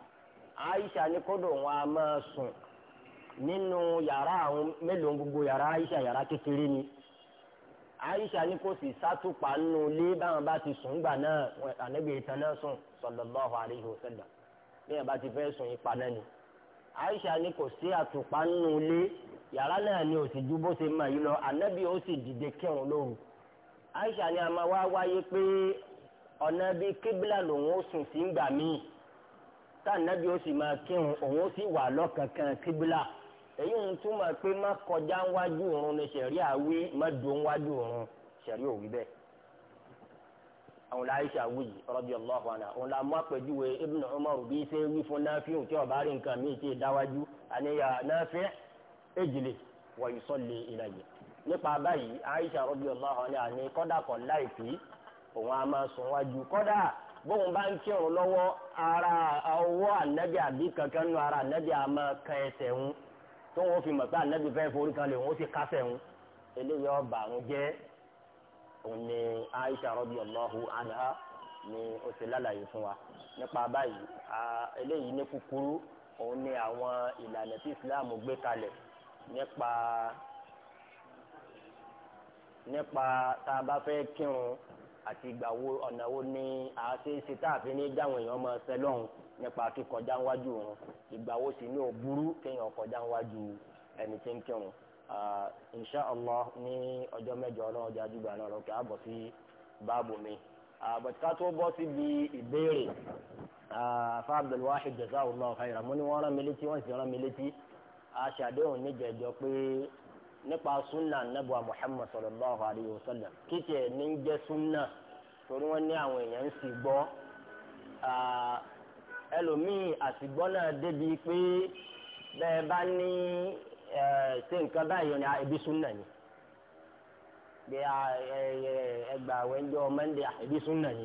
Aisha ní kódò wọn a máa sùn nínú yàrá àwọn mélòó gbogbo yàrá Aisha yàrá kékeré ni. Aisha ni kò sì sátúpa nínú ilé báwọn bá ti sùn gbà náà ànágbé ìtàn náà sùn sallallahu alaihi wasallam bẹ́ẹ̀ bá ti fẹ́ sùn ipa náà ni. Aisha ni kò sí àtùpà nínú ilé yàrá náà ni ò sì ju bó ṣe mọ̀ yìí lọ ànábì ó sì dìde kírun lóru. Aisha ni a máa wá wáyé pé ọ̀nà bí kébìlà lòun ó sùn sí ngbà míì tá ànábì ó sì máa kírun òun ó sì wà lọ́kàn kébìlà èyí ń túmọ̀ pé má kọjá wájú òrun ni sẹ̀rí àwí má dùn wájú òrun sẹ̀rí òwí bẹ́ẹ̀. àwọn láìsà wuyì radiyallahu anha òun la mú àpèjúwe Ibn Umar bí ṣe wí fún Nafi'u tí ọba rí nǹkan míì tí ì dáwájú àníyà Nafi' ejìlè wa yusalli ilayya. nípa báyìí Aisha radiyallahu anha ní kọ́dà kan láìpì òun a máa sùn wájú kọ́dà bóun bá ń kírun lọ́wọ́ ara ọwọ́ ànábì àbí kankan nù ara ànábì àmọ́ kan ẹsẹ̀ ń tó wọn fi mọ̀ pé ànábì fẹ́ forí kan lè wọ́n sì kásẹ̀ ń eléyìí ọba àwọn jẹ́ òun ni Aisha radiyallahu anha ni ó ti lálàyé fún wa nípa báyìí eléyìí ní kúkúrú òun ni àwọn ìlànà tí Islam gbé kalẹ̀ nípa nípa tá a bá fẹ́ kírun àti ìgbà wo ọ̀nà wo ni àá ṣe é ṣe tá a fi ní dáwọn èèyàn máa ṣe lọ́hùn-ún nípa kíkọjá níwájú òun ìgbà wo sì ní ò burú kéèyàn kọjá níwájú ẹni tí ń kírun insha allah ní ọjọ́ mẹ́jọ náà ọjọ́ àdúgbò náà lọ́kẹ́ àbọ̀ sí báàbù mi but ká tó bọ́ síbi ìbéèrè fa abdulwahid jazakallahu khairan mo ní wọ́n rán mi létí wọ́n sì rán mi létí aṣàdéhùn níjẹ̀jọ pé nípa sunna anabu muhammad sallallahu alayhi wa sallam kí tiẹ̀ ní jẹ́ sunna torí wọ́n ní àwọn èèyàn ń sì gbọ́ ẹlòmíì àtìgbọ́ náà débi pé bẹ́ẹ̀ bá ní ṣe nǹkan báyìí ni ẹbí súnà ni bí ẹgbà wẹ́njọ́ mẹ́ndé ẹbí súnà ni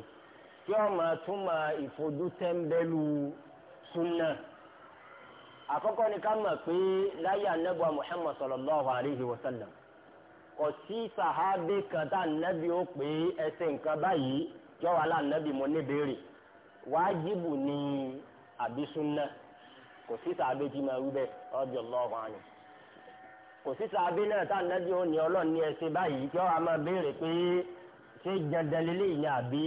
tí wọ́n máa túmọ̀ ìfojútẹ́ńbẹ́lú súnà àkọ́kọ́ ni ká mọ̀ pé láyé anábọ̀ Muhammad sallallahu alayhi wa sallam kò sí sàhábì kan tá ànábì ó pé ẹsẹ̀ nǹkan báyìí jọ́wọ́ aláànábì mo ní béèrè. wájibù ni àbí súnà kò sí sàábé tí máa wí bẹ́ẹ̀ radiyallahu anhu kò sí sàábé náà tá ànábì òní ọlọ́ọ̀ni ẹ̀ ṣe báyìí kí ọ máa béèrè pé ṣé àbí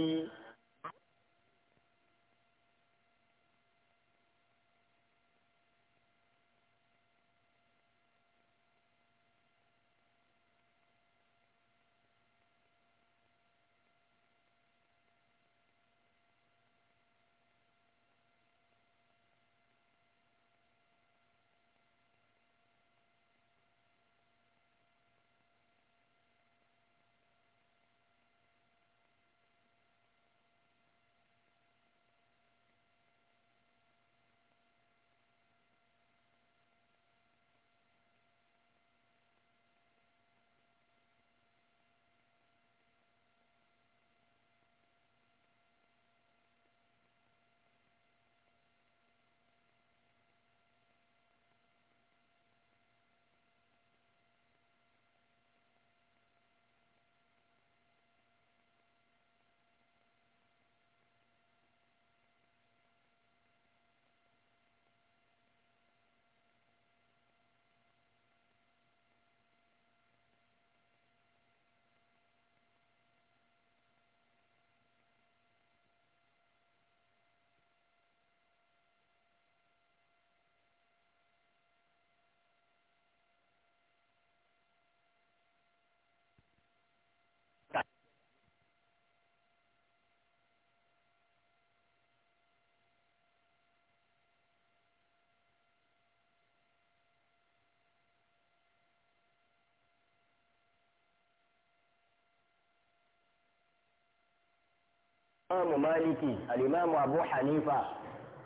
الإمام مالكي الإمام أبو حنيفة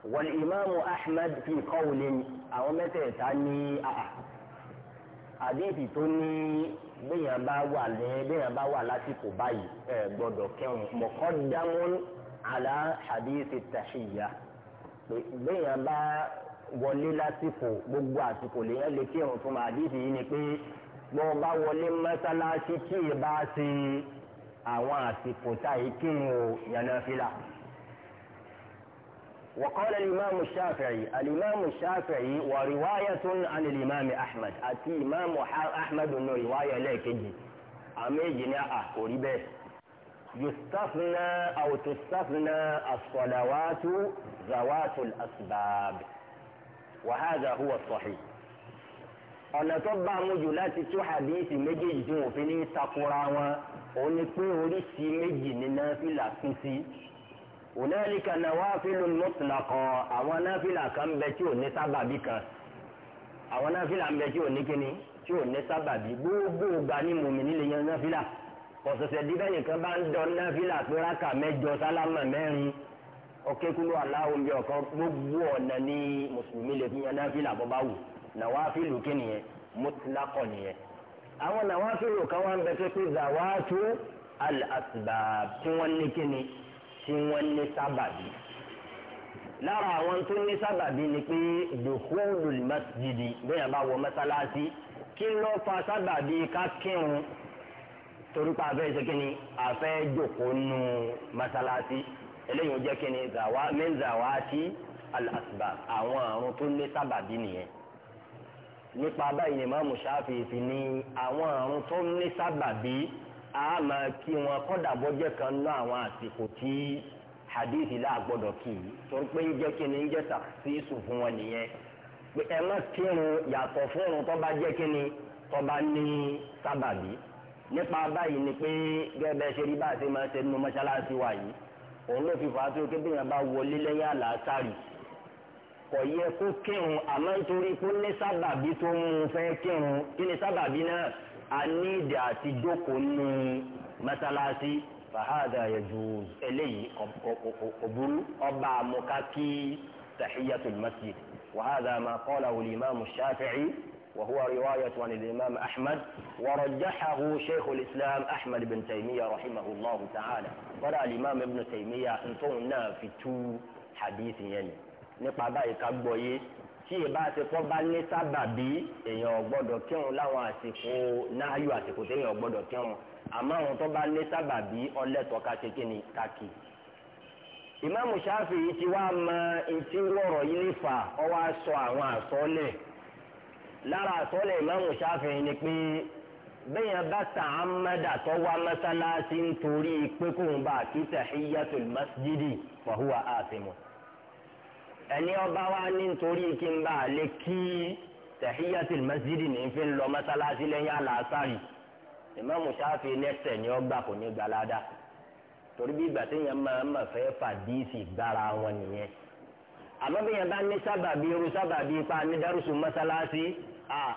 والإمام أحمد في قول أو متى تاني أه àdéhìí tó ní bẹ́yàn bá wà lẹ́ bẹ́yàn bá wà lásìkò báyìí ẹ gbọ́dọ̀ kẹ́hùn mọ̀kọ́dámún àlá àdéhìí tàṣíyà bẹ́yàn bá wọlé lásìkò gbogbo àsìkò lèyàn lè kẹ́hùn fún àdéhìí yìí ni pé bọ́ọ̀ bá wọlé mọ́sálásí kí ì bá ṣe é àwọn àsìkò tá a yìí kírun o yànnà fìlà. وقال الإمام الشافعي الإمام الشافعي ورواية عن الإمام أحمد أتي إمام أحمد أنه رواية لكجي أميجنا أحكوري به يستثنى أو تستثنى الصلوات ذوات الأسباب وهذا هو الصحيح أن tó bá mú jù في tú òun ni pé oríṣi méjì ni náfìlà pín sí ònàlíkà nàwáfílù mọ́tìlákọ̀ àwọn náfìlà kan bẹ tí ò ní sábàbí kan àwọn náfìlà ń bẹ tí ò ní kíni tí ò ní sábàbí gbogbo ìgbà ni mùmíní lè yan náfìlà ọ̀sọ̀sẹ̀ díbẹ̀ nìkan bá ń dán náfìlà pé rákà mẹ́jọ sálámà mẹ́rin ọ̀kẹ́kúlú aláwọ̀ bí ọ̀kan gbogbo ọ̀nà ni mùsùlùmí lè fi yan náfìlà bọ́ bá wù nàwáfílù kí nìyẹn mọ́tìlákọ̀ nìyẹn àwọn nàwáfíìlù kan wá ń bẹ tó pé zawatu al-asbab tí wọ́n ní kíni tí wọ́n ní sábàbí lára àwọn tó ní sábàbí ni pé dukhulul masjidi bẹ́ẹ̀ bá wọ mọ́sálásí kí ló fa sábàbí ká kírun torí afẹ́ ṣe kíni afẹ́ jókòó nu mọ́sálásí eléyìí ó jẹ́ kíni zawa min àwọn àrùn tó ní sábàbí nìyẹn nípa báyìí ìmáàmù Ṣáfi'í fi ní àwọn àrùn tó ní sábàbí a máa kí wọn kọ́dà bọ́jẹ́ kan ná àwọn àsìkò tí hadithi láà gbọ́dọ̀ kì í torí pé jẹ́ kí ni jẹ́ sàkísù fún wọn nìyẹn pé ẹ má kírun yàtọ̀ fóònù tó bá jẹ́ kí ni tó bá ní sábàbí nípa báyìí ni pé gẹ́gẹ́ ṣe rí bá a ṣe máa ṣe nínú mọ́ṣáláṣí wa yìí òun ló fi fàá tó kébìyàn bá wọlé lẹ́yìn àlàásárì kò yẹ kó kírun àmọ́ nítorí kó ní sábàbí tó mú un fẹ́ kírun kí ni sábàbí náà a ní ìdí àti jókòó nù mọ́sálásí fàhádà yajuz eléyìí ọ̀bùrú ọba àmúká kí tahiyatul masjid wàhádà máa qala al-imam Shafi'i وهو رواية عن الإمام أحمد ورجحه شيخ الإسلام أحمد بن تيمية رحمه الله تعالى قال الإمام ابن تيمية انتونا في تو حديث يعني nípa báyìí ká gbọ́ yé tí ìbá ti kọ́ bá ní sábàbí èèyàn gbọ́dọ̀ kírun láwọn àsìkò náàyò àsìkò téèyàn gbọ́dọ̀ kírun àmọ́ àwọn tó bá ní sábàbí ọlẹ́tọ̀ọ́ ká ṣe kíni káàkì. ìmáàmù ṣáfì yìí ti wá mọ etí wọ̀rọ̀ yìí nífà ọwọ́ aṣọ àwọn àsọ́lẹ̀ lára àsọ́lẹ̀ ìmáàmù ṣáfì yìí ni pé bẹ́yẹn bá ta amẹ́dà tó wá mọ́sálásí nítorí pé kóun bá kí tahiyatul masjidi ẹni ọba wa ní nítorí kí n bá a lè kí tahiyatul masjidi ní fi ń lọ mọ́sálásí lẹ́yìn àlàásárì ìmáàmù Ṣáfi lẹ́sẹ̀ ní ọgbà kò ní gbalada torí bí ìgbà tí yẹn máa ma fẹ́ fàdíìsì gbára wọn nìyẹn àmọ́ bí yẹn bá ní sábàbí irú sábàbí ipa ní dárúsù mọ́sálásí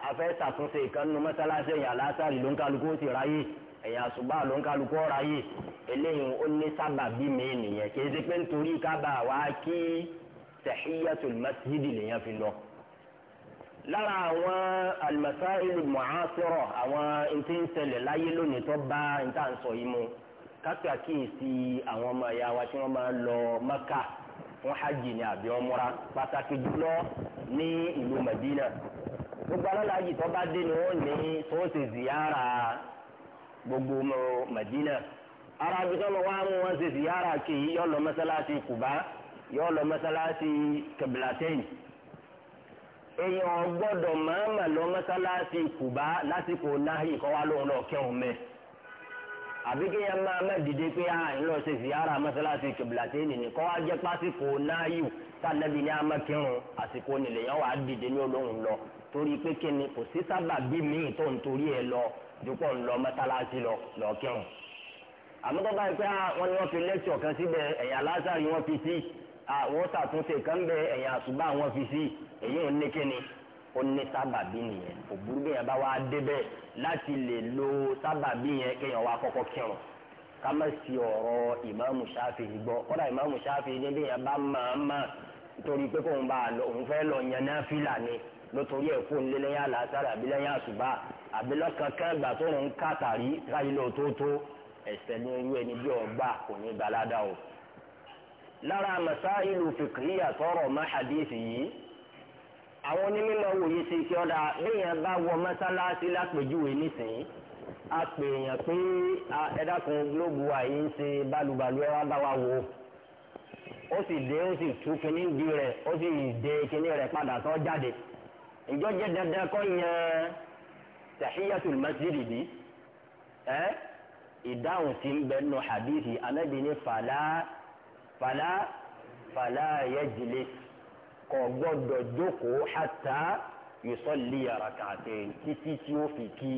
àfẹ́ ṣàtúnṣe ìkànnù mọ́sálásí ẹ̀yìn àlàásárì ló ń kálukú ó sì ráyè ẹ̀yìn àṣùbà ló ń kálukú ó ráyè eléyìí ó ní sábàbí mi nìyẹn kì í ṣe pé nítorí kábà wá kí tahiyatul masjidi lèyàn fi lọ. lára àwọn almasailu mu'asira àwọn ntí ń ṣẹlẹ̀ láyé lónìí tó bá níta ń sọ yìí mu kápẹ́ àkíyèsí àwọn ọmọ ẹ̀yà wa tí wọ́n máa lọ maka fún hajj ní àbí ọmúra pàtàkì jùlọ ní ìlú Madina gbogbo alálàájì tó bá dé ni wọ́n ní sọ́ọ̀sì ziyara gbogbo Madina arabi tó lọ wá mú wọn ṣe ziyara kì í yọ lọ mọ́sálásí Kùbá yóò lọ mọ́sálásí kẹbìlátẹ́yìn èèyàn gbọ́dọ̀ màmá lọ mọ́sálásí kùbá lásìkò náhì kọ́ wá lóun lọ kẹ́hùn mẹ́ àbí kí yẹn máa má dìde pé à ah, ń lọ ṣe ziyara mọ́sálásí kẹbìlátẹ́yìn ni kọ́ wá jẹ́ pásìkò náhì sànẹ́bí ní amákẹ́hùn àsìkò nílẹ̀ yẹn wàá dìde ní olóhùn lọ torí pé kí ni kò sí sábà bí míì tó ń torí ẹ lọ dupò ńlọ mọ́sálásí lọ lọ kẹ́hùn àmọ́ tó báyìí pé à ah, wọ́n wọ́n fi lẹ́tọ̀ kan síbẹ̀ ẹ̀yà lásàrì wọ́n fi sí àwọn ṣàtúnṣe kan bẹ ẹ̀yìn àṣùbà àwọn fi sí èyí ò ní kíni ó ní sábàbí nìyẹn òbúrú bẹ́ẹ̀ bá wá débẹ̀ láti lè lo sábàbí yẹn kéèyàn wá kọ́kọ́ kírun ká má sí ọ̀rọ̀ ìmáàmù Ṣáfi'í gbọ́ kọ́dà ìmáàmù Ṣáfi'í ní bí yẹn bá máa máa nítorí pé kóun bá lọ òun fẹ́ lọ yan náà fìlà ni lótórí ẹ̀ kó nílé lẹ́yìn àlàására àbí lẹ́yìn àṣùbà àbí lọ́kànkán ìgbà tó ń kàtàrí káyìí lọ́ọ́ tó tó ẹ̀sẹ̀ ní irú ẹni bí ọgbà kò ní gbalada o lára masailu fìkìyà tọrọ má hadith yìí àwọn onímọ̀ wòye ti kí ọ̀dà léèyàn bá wọ mọ́sálásí lápèjúwe nísìnyí a pè èèyàn pé ẹ̀dàkùn gílóòbù àyè ń ṣe balùbalù ẹ̀ wá bá wa wò ó ó sì dé ó sì tú kinní di rẹ̀ ó sì dé kinní rẹ̀ padà tó jáde ìjọ jẹ́ dandan kọ́ yẹn tahiyatul masjidi bi ẹ́ ìdáhùn sí ń bẹ́ẹ̀ nù hadithi anábìíní fàlà. fàlà fàlà yajlis kò joko jókòó hatta yusalli rak'atayn títí tí ó fi kí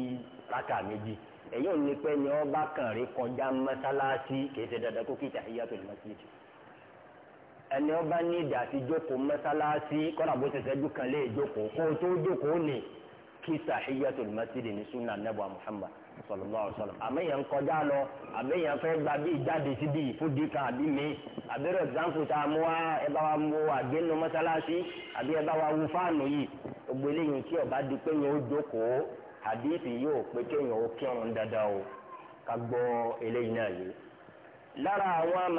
raka méjì èyí ò ní ni wọ́n bá rí kọjá mọ́sálásí kì í ṣe dandan kó kí tahiyyatul masjid ẹni wọ́n ní ìdí àti bó kan o tó kí ní nebo muhammad sallallahu alaihi àmẹyàn kọjá lọ àmẹyàn gba bíi jáde sí bíi fúdi kan àbí mi àbẹrẹ tá a mú wa ẹ bá wa mú ọba di pé yẹn ó jókòó pé kéèyàn o ká eléyìí náà yìí lára àwọn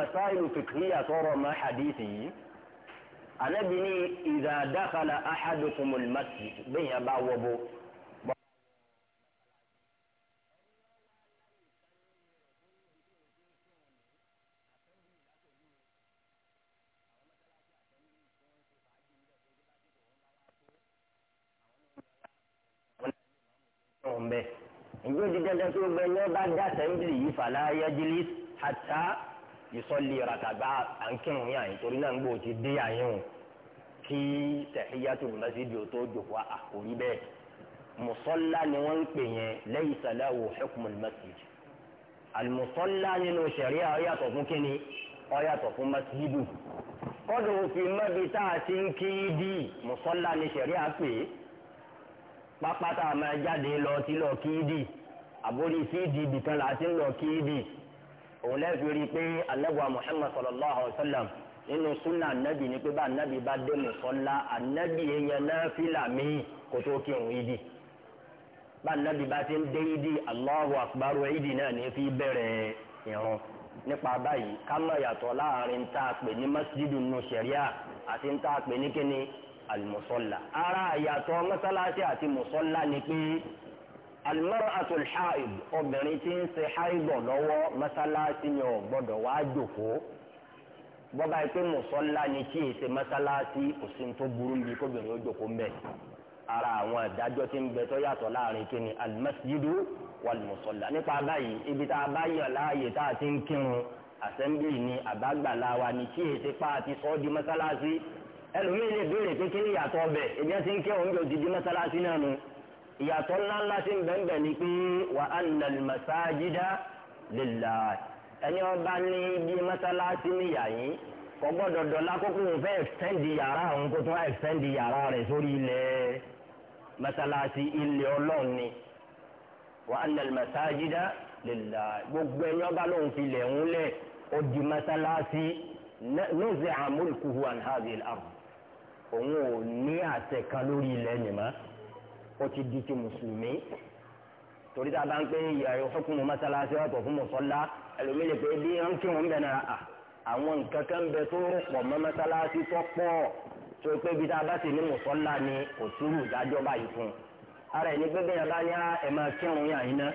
tí ó gbẹ yẹn bá dá sẹ́ńdìrì yìí fàlà yẹjìlì hàtà ìsọ̀lì ràkàbà ànkírun yàn yìí torí náà ń gbòó ti dé àyìn o kí tẹ̀híyàtò lọ́sídìí ò tó jòkó àkórí bẹ́ẹ̀ mùsọ́lá ni wọ́n ń pè yẹn lẹ́yìn sàlẹ̀ wò hukmul masjid àlùmùsọ́lá nínú ṣẹ̀ríà ó fún kíni ó fún masjidu kọ́dọ̀ òfin mẹ́bi tá a ti ń kí dì mùsọ́lá ni ṣẹ̀ríà pè pápá máa jáde lọ sí lọ kí dì àbórí síìdì ibìkan láti ń lọ kí ìdì òun lẹ́ẹ̀fi rí i pé alẹ́wà Muhammad sallallahu alayhi wa sallam nínú súnà ànábì ni pé bá ànábì bá dé mùsọ́lá ànábì èèyàn náà fìlà míì kó tó kí òun ìdì bá ànábì bá ti ń dé ìdì Allahu akbar ìdì náà ní fi bẹ̀rẹ̀ ìrun nípa báyìí ká má yàtọ̀ láàrin tá a pè ní masjidu nù sẹ̀ríà àti tá a pè ní kíni alimusọ́lá ara àyàtọ̀ mọ́sálásí àti musọ́lá ni pé almar'atu al-ha'id obìnrin tí ń ṣe haibọ̀ lọ́wọ́ mọ́sálásí ni ò gbọ́dọ̀ wá jókòó bọ́ba yìí pé mùsọ́lá ni tí èsè mọ́sálásí kò sí tó burú níbi kóbìnrin ó jókòó ń bẹ̀ ara àwọn ìdájọ́ tí ń bẹ tó yàtọ̀ láàrin kí ni al-masjidu wal-musalla nípa báyìí ibi tá a bá yàn láàyè tá a ti ń kírun assembly ni àbágbàlá wa ni tí èsè pa àti sọ́ di mọ́sálásí ẹlòmíì lè béèrè pé kí ni yàtọ̀ ọbẹ̀ ìjẹ́ ìyàtọ̀ ńláńlá ti ń bẹ̀ǹbẹ̀ ni pé wa anna al-masajida lillah ẹni ọba ní bí mọ́sálásí níyà yín kò gbọ́dọ̀ dọ̀la kókó òun fẹ́ ẹ̀fẹ́ǹdì yàrá òun kó tún ẹ̀fẹ́ǹdì yàrá rẹ̀ sórí ilẹ̀ mọ́sálásí ilẹ̀ ọlọ́run ni wa anna al-masajida lillah gbogbo ẹni ọba lóun fi lẹ̀ ń lẹ̀ ó di mọ́sálásí nuzi'a mulkuhu o ti di ti mùsùlùmí torí tá a bá ń pè ìyàrá fọkùnmù mọ́sálásí ọ̀tọ̀ fún mọ̀sọ́lá ẹlòmíì lè pé bí wọ́n kí wọ́n bẹ̀ náà à àwọn nǹkan kan bẹ tó pọ̀ mọ́ mọ́sálásí tó pọ̀ tó pé bí tá a bá sì ní mọ̀sọ́lá ni kò túrù dájọ́ báyìí fún un. ara ẹni pé bẹ́ẹ̀ bá ní ẹ máa kírun yàn yín ná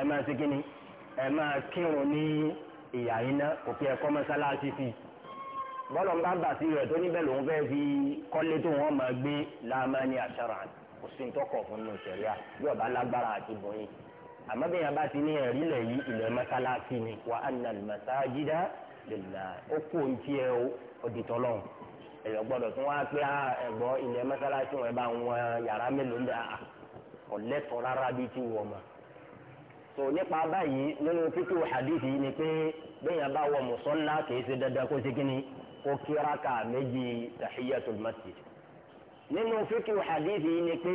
ẹ máa ṣe kíni ẹ máa kírun ní ìyà yín ná kò kí ẹ kọ́ mọ́sálásí sí bọ́lọ̀ ń bá bà sí rẹ̀ tó níbẹ̀ lòun fẹ́ fi kọ́lé tó wọ́n máa gbé láàmánì àṣàràn kò sí ntọ́kọ̀ fún nínú sẹ̀ríà yóò bá lágbára àti bọ̀yìn àmọ́ bí yẹn bá ti ní ẹ̀rí lẹ̀ yí ilẹ̀ mọ́sálásí ni wa anna al-masajida lillah ó kó ohun tí ẹ òdìtọ́ lọ́hùn èèyàn gbọ́dọ̀ tún wá pé ah, ẹ̀gbọ́ ilẹ̀ mọ́sálásí wọn bá wọn yàrá mélòó ń dà ọ̀lẹ́tọ̀ ah, rárá bíi ti wọ̀ mọ́ so nípa báyìí nínú fífi hadith yìí ni pé bí yẹn mùsọ́lá kì ṣe dandan kó ṣe kíni kó kíraka méjì tahiyatul nínú fíkì hadith yìí ni pé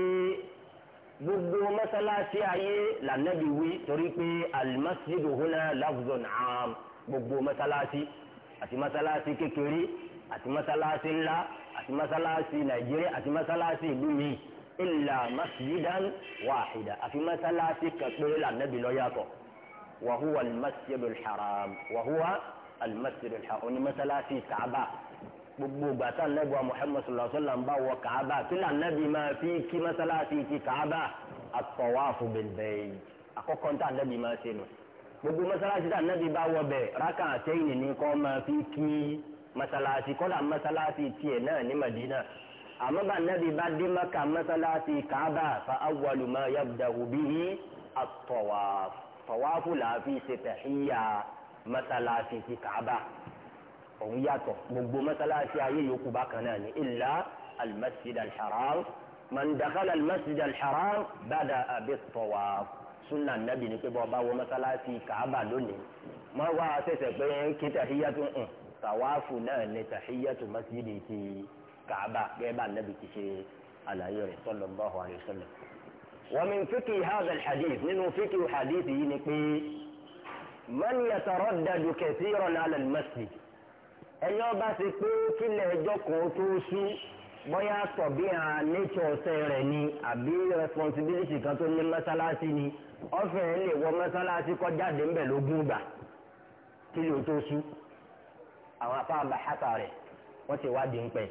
gbogbo mọ́sálásí ayé lànàbí wí torí pé alimasidu huna lafzon am gbogbo mọ́sálásí àti mọ́sálásí kékeré àti mọ́sálásí ńlá àti mọ́sálásí nàìjíríà àti mọ́sálásí ìlú mi illa masjidan wahida àfi mọ́sálásí kan péré lànàbí ló yàtọ̀ wàhúwa alimasidu haram wàhúwa alimasidu haram oní mọ́sálásí kàbá gbogbo gbàtà nẹ́bùa muhammed sallallahu alayhi wa sallam bá wọ kàába kílà nẹ́bí máa fi kí mọ́sálásí ti kàába at-tawafu bil-bayt àkọ́kọ́ níta nẹ́bí máa ṣe nù gbogbo mọ́sálásí tá nẹ́bí bá wọ bẹ̀ rákà àtẹ́yìn ní kọ́ máa fi kí mọ́sálásí kọ́là mọ́sálásí tiẹ̀ náà ní madina àmọ́ bá nẹ́bí bá dé maka mọ́sálásí kàába fa awwalu ma bihi at-tawaf làá fi ṣe tahiyya mọ́sálásí ti kàába. òun yàtọ̀ gbogbo mọ́sálásí ayé yòókù bákan náà ni ilà almasjid alḥaram man dakhala almasjid alḥaram bada abit-tawaf sunna nabi ni pé bọ́ bá wọ mọ́sálásí kàába lónìí má wá sẹ̀sẹ̀ pé kí tahiyatu ń tàwáfù náà ni tahiyatu masjid ti kàába gẹ́gẹ́ bá nabi ti ṣe àlàyé rẹ̀ sallallahu alayhi wa sallam. wa min fiqhi hadha alhadith nínú fiqhi hadith yìí ni pé man yataraddadu kathiran ala almasjid. ẹni ọba ti pé kílẹ̀ ẹjọ́ kan tó sú bóyá tọ̀bí hàn nature ọ̀sẹ̀ rẹ̀ ni àbí responsibility kan tó ní mọ́sálásí ni ọ̀fẹ́ lè wọ mọ́sálásí kọjáde ńbẹ̀ lógún gbà kílẹ̀ ó tó sú àwọn afá bàhátà rẹ̀ wọ́n ti wádìí ń pẹ́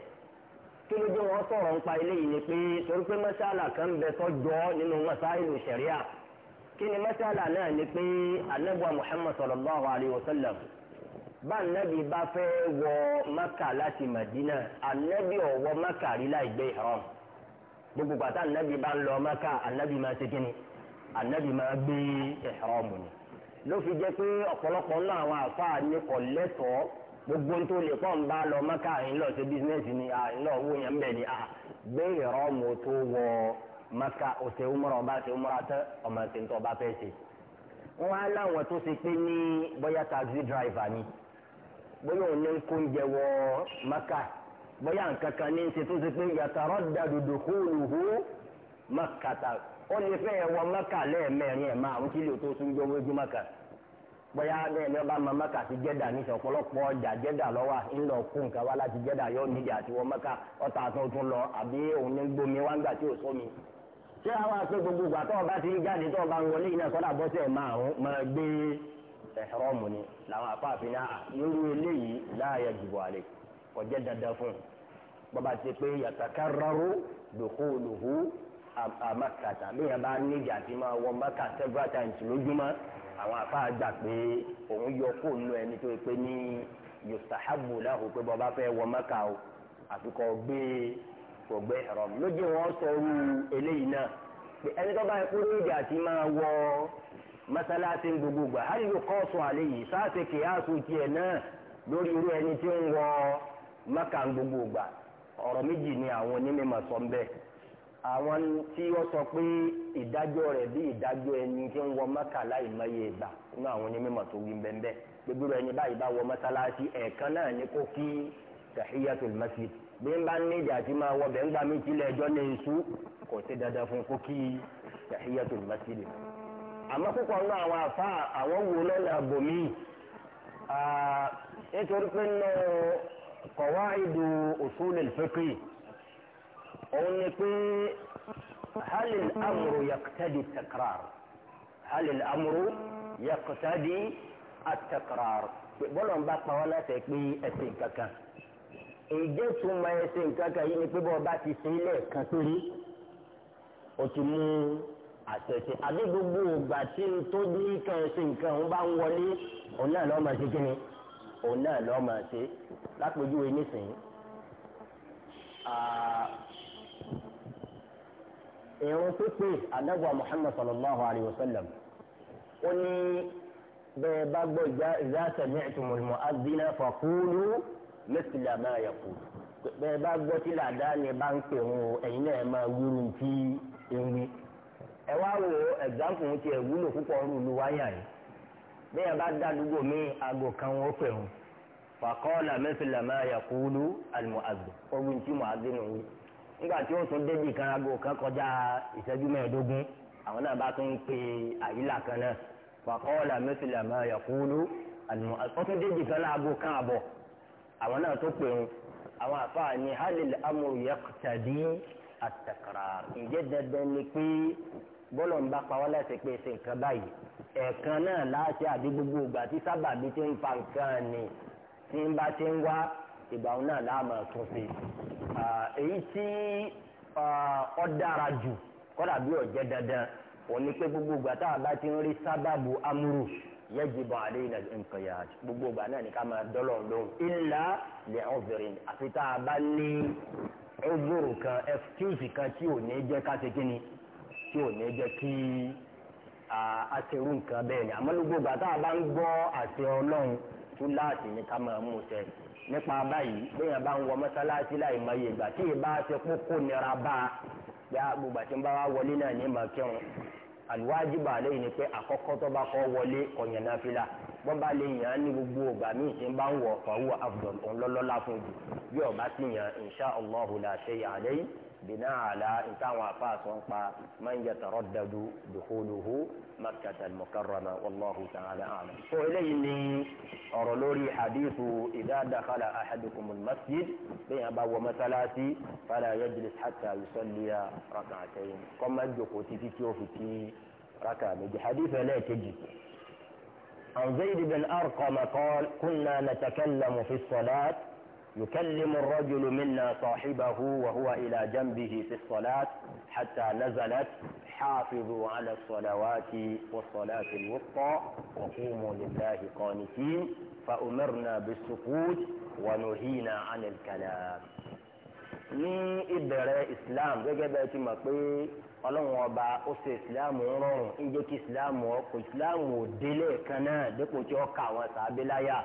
kí ló dé wọn sọ̀rọ̀ nípa eléyìí ni pé torí pé mọ́sálà kan bẹ tọ́jọ́ nínú mọ́sáìlù kí ni mọ́sálà náà ni pé anábọ̀ Muhammad sallallahu alayhi wa sallam ba nnabi bá fẹ́ wọ maka láti madina anabi ò maka rí láì gbé ihram gbogbo pàtó anabi bá lọ maka a máa ṣe kíni anabi máa gbé ihram ni ló fi jẹ́ pé ọ̀pọ̀lọpọ̀ náà àwọn àfáà lẹ́tọ̀ọ́ gbogbo tó lè pọ̀ ń maka àyìn lọ sí bísíǹnẹ́sì ni àyìn lọ owó yẹn ń bẹ̀ ni à gbé maka òsè ọba wọ́n á láwọn tó pé ní bóyá taxi ni. bóyá òun ní kó jẹ wọ maka bóyá nǹkan kan ní ṣe tó ṣe pé yàtàrọ̀ dàdòdò hóòlùhó maka ta ó lè fẹ́ wọ maka lẹ́ẹ̀mẹ́rin ẹ̀ ma ń kílò tó tún jọ wéjú maka bóyá bẹ́ẹ̀ ni ọba ma maka ti jẹ́dà ní ìṣọ̀pọ̀lọpọ̀ ọjà jẹ́dà lọ́wọ́ ńlọ kú nǹkan wá láti jẹ́dà nídìí maka lọ àbí òun ní gbomi wá ń gbà tí ò sómi ṣé àwọn àti gbogbo ìgbà ọba ti ń jáde tó ọba ń wọlé ẹ̀hẹ́rọ́mù ni làwọn afáàfin náà ah, irú eléyìí láàyè jùbọ̀ àlè kọjá dandan fún un bàbá ti pé yàtàkárọ́rù dòkóòlùhù àmàkàtà bí yẹn bá níjà àti máa wọ mẹ́kà several times lójúmọ́ àwọn afáà gbà pé òun yọ fóònù ẹni tó pé ní yustahabu lahu pé bàbá fẹ́ wọ mẹ́kà o àfikọ́ gbé gbọ̀gbẹ́ ẹ̀rọ lójú wọn sọ irú eléyìí náà ẹni tó bá yẹ níjà àti máa wọ. mọ́sálásí gbogbo gbà hali yóò kọ́ àlẹ́ yìí sáàsì kìyàsó tiẹ̀ náà lórí irú ẹni tí ń wọ gbogbo gbà ọ̀rọ̀ méjì ni àwọn onímọ̀ sọ ń bẹ́ẹ̀ àwọn tí wọ́n sọ pé ìdájọ́ rẹ̀ bí ìdájọ́ ẹni tí ń wọ láì ìgbà nínú àwọn onímọ̀ tó bẹ́ẹ̀ gbogbo ẹni báyìí bá wọ ẹ̀ẹ̀kan náà ni kó kí tahiyatul masjid bí n bá ní ìdí àti máa wọ bẹ́ẹ̀ ń gbà mí tilẹ̀ ẹjọ́ lè sú kò sí dandan fún kó kí tahiyatul àmọ́ púpọ̀ nínú àwọn àfa àwọn wo lọ́nà àbòmí nítorí pé nínú qawaidu usul al-fiqh òun ni pé hal al-amru yaqtadi at-takrar hal al-amru yaqtadi bọ́lá ń bá pa láti pé ẹ̀sìn kankan èdè túmọ̀ ẹ̀sìn kankan yìí ni pé bọ́ọ̀ bá ti ṣe ilé ẹ̀kan o ti mú àtẹ̀tẹ̀ àbí gbogbo ògbà tí n tó ní nǹkan ṣe nǹkan òun bá ń wọlé òun náà lọ́ọ́ máa ṣe kí ni òun náà lọ́ọ́ máa ṣe lápèjúwe nísìnyí. ìrun pípé anábọ̀ Muhammad sallallahu alayhi wa sallam ó ní bẹ́ẹ̀ bá gbọ́ idha sami'tumul mu'adhdhina faqulu mithla ma yaqulu bẹ́ẹ̀ bá gbọ́ tí làdá ni bá ń pè wọn ẹ̀yin náà máa wúrun tí ń wí ẹ wá wo example ti ẹ̀ wúlò púpọ̀ ọ̀rùn lu wáyà yìí bẹ́ẹ̀ bá dàdúgbò mi aago kan wọ́n pè wọn fàkọ́ọ̀là mẹ́fìlà máa yà kúlú àlùmọ́àgbò ọ̀gbìn tí mọ̀àgbé nù wí nígbà tí ó tún débì kan aago kan kọjá ìṣẹ́jú mẹ́ẹ̀ẹ́dógún àwọn náà bá tún ń pe àyílà kan náà fàkọ́ọ̀là mẹ́fìlà máa yà kúlú àlùmọ́àgbò ọ̀tún débì kan láago kan àbọ̀ àwọn náà tó pè wọn àwọn àfáà ní hálìlì amúrú yẹ bọ́lọ̀ ń bá pa wá láti pé ṣe nǹkan báyìí ẹ̀ẹ̀kan náà láti àbí gbogbo ìgbà tí sábàbí ti ń fa nǹkan ni tí ń bá ti ń wá ìgbà òun náà láàmú tún sí èyí tí ọ dára jù kọ́dà bí ọ̀jẹ́ dandan òun ni pé gbogbo ìgbà tá a bá ti ń rí sábàbù amúrù yajibu alayna al-inqiyad gbogbo ìgbà náà ni ká máa dọ́lọ̀ lóhùn illa li'udhrin àfi tá a bá ní ẹgbòrò kan ẹfúkúùsì tí ò ní jẹ́ kí a ṣe irú nǹkan bẹ́ẹ̀ ni àmọ́ gbogbo ìgbà tá a bá ń gbọ́ àṣẹ ọlọ́run tún láàṣì ní ká máa mú ṣẹ nípa báyìí lóyìn bá ń wọ mọ́sálásí láì mọ iye ìgbà tí ìbá ṣe kókó nira bá a bí a gbogbo àti bá wa wọlé náà ní ìmọ̀ kírun àlùwájibà lẹ́yìn ni pé àkọ́kọ́ tó bá kọ́ wọlé ọ̀yàn náà fi là bọ́ba lè yàn án ní gbogbo ọgbà míì ṣe ń bá ń wọ̀ fàwọ́ afdal ọlọ́lọ́lá fún jù bí ọba sì yàn insha Allahu la shay alayhi bìnà àlà ìtàwọn afáàsọ ń pa man yataraddadu dukhuluhu makkata al-mukarrama ta'ala a'lam. so eléyìí ni ọ̀rọ̀ lórí hadithu idha dakhala ahadukum masjid bẹ́ẹ̀ yẹn bá wọ mọ́sálásí fala yajlis hatta yusalliya rak'atayn kọ́ máa jókòó títí tí ó fi kí rákà méjì hadith ẹlẹ́ẹ̀kejì. عن زيد بن أرقم قال كنا نتكلم في الصلاة يكلم الرجل منا صاحبه وهو إلى جنبه في الصلاة حتى نزلت حافظوا على الصلوات والصلاة الوسطى وقوموا لله قانتين فأمرنا بالسكوت ونهينا عن الكلام ní ìbẹ̀rẹ̀ islam gẹ́gẹ́ bẹ́ẹ̀ ti mọ̀ pé ọlọ́run ọba ó ṣe islam rọrùn ń jẹ́ kí islam ọkọ̀ islam ò délé kan náà dépò tí ó ka àwọn sàábé láyà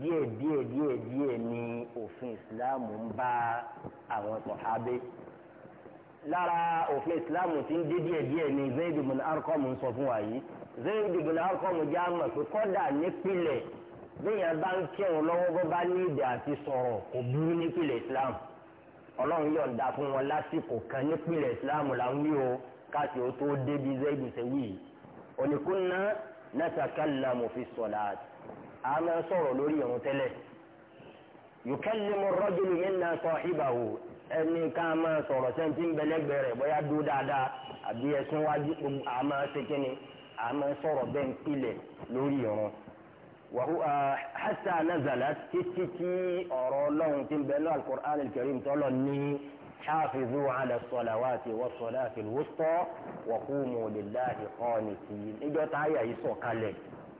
díẹ̀ díẹ̀ díẹ̀ díẹ̀ ni òfin islam ń bá àwọn sọ̀hábé lára òfin islam ti ń dé díẹ̀ díẹ̀ ni Zayd ibn Arqam ń sọ fún wa yìí Zayd ibn Arqam já mọ̀ pé kọ́dà nípìnlẹ̀ bẹ́ẹ̀ yẹn bá ń kírun lọ́wọ́ bá ní ìdè àti sọ̀rọ̀ kò burú nípìnlẹ̀ islam ọlọ́run yọ̀ǹda fún wọn lásìkò kan nípìnlẹ̀ ìsìláàmù là ń wí o káàsì ó tó débi zaidu sẹ́wì ònìkúnná natakallamu fi salat a máa sọ̀rọ̀ lórí ìrun tẹ́lẹ̀ yukallimu ar-rajulu minna sahibahu ẹni ká máa sọ̀rọ̀ sẹ́ńtì ń bẹ̀lẹ́gbẹ̀ rẹ̀ bóyá dúró dáadáa àbí ẹ̀sùn wájú a ṣe kínni a sọ̀rọ̀ bẹ́ẹ̀ ń pilẹ̀ lórí ìrun hatta nazalat títí tí ọ̀rọ̀ ọlọ́run ti ń bẹ lọ́wọ́ al-Qur'an al-Karim tọ́lọ̀ ní hafizu ala salawati wa salati al-wusta wa qumu lillahi qanitin níjọ́ tá a yà yìí sọ̀ kalẹ̀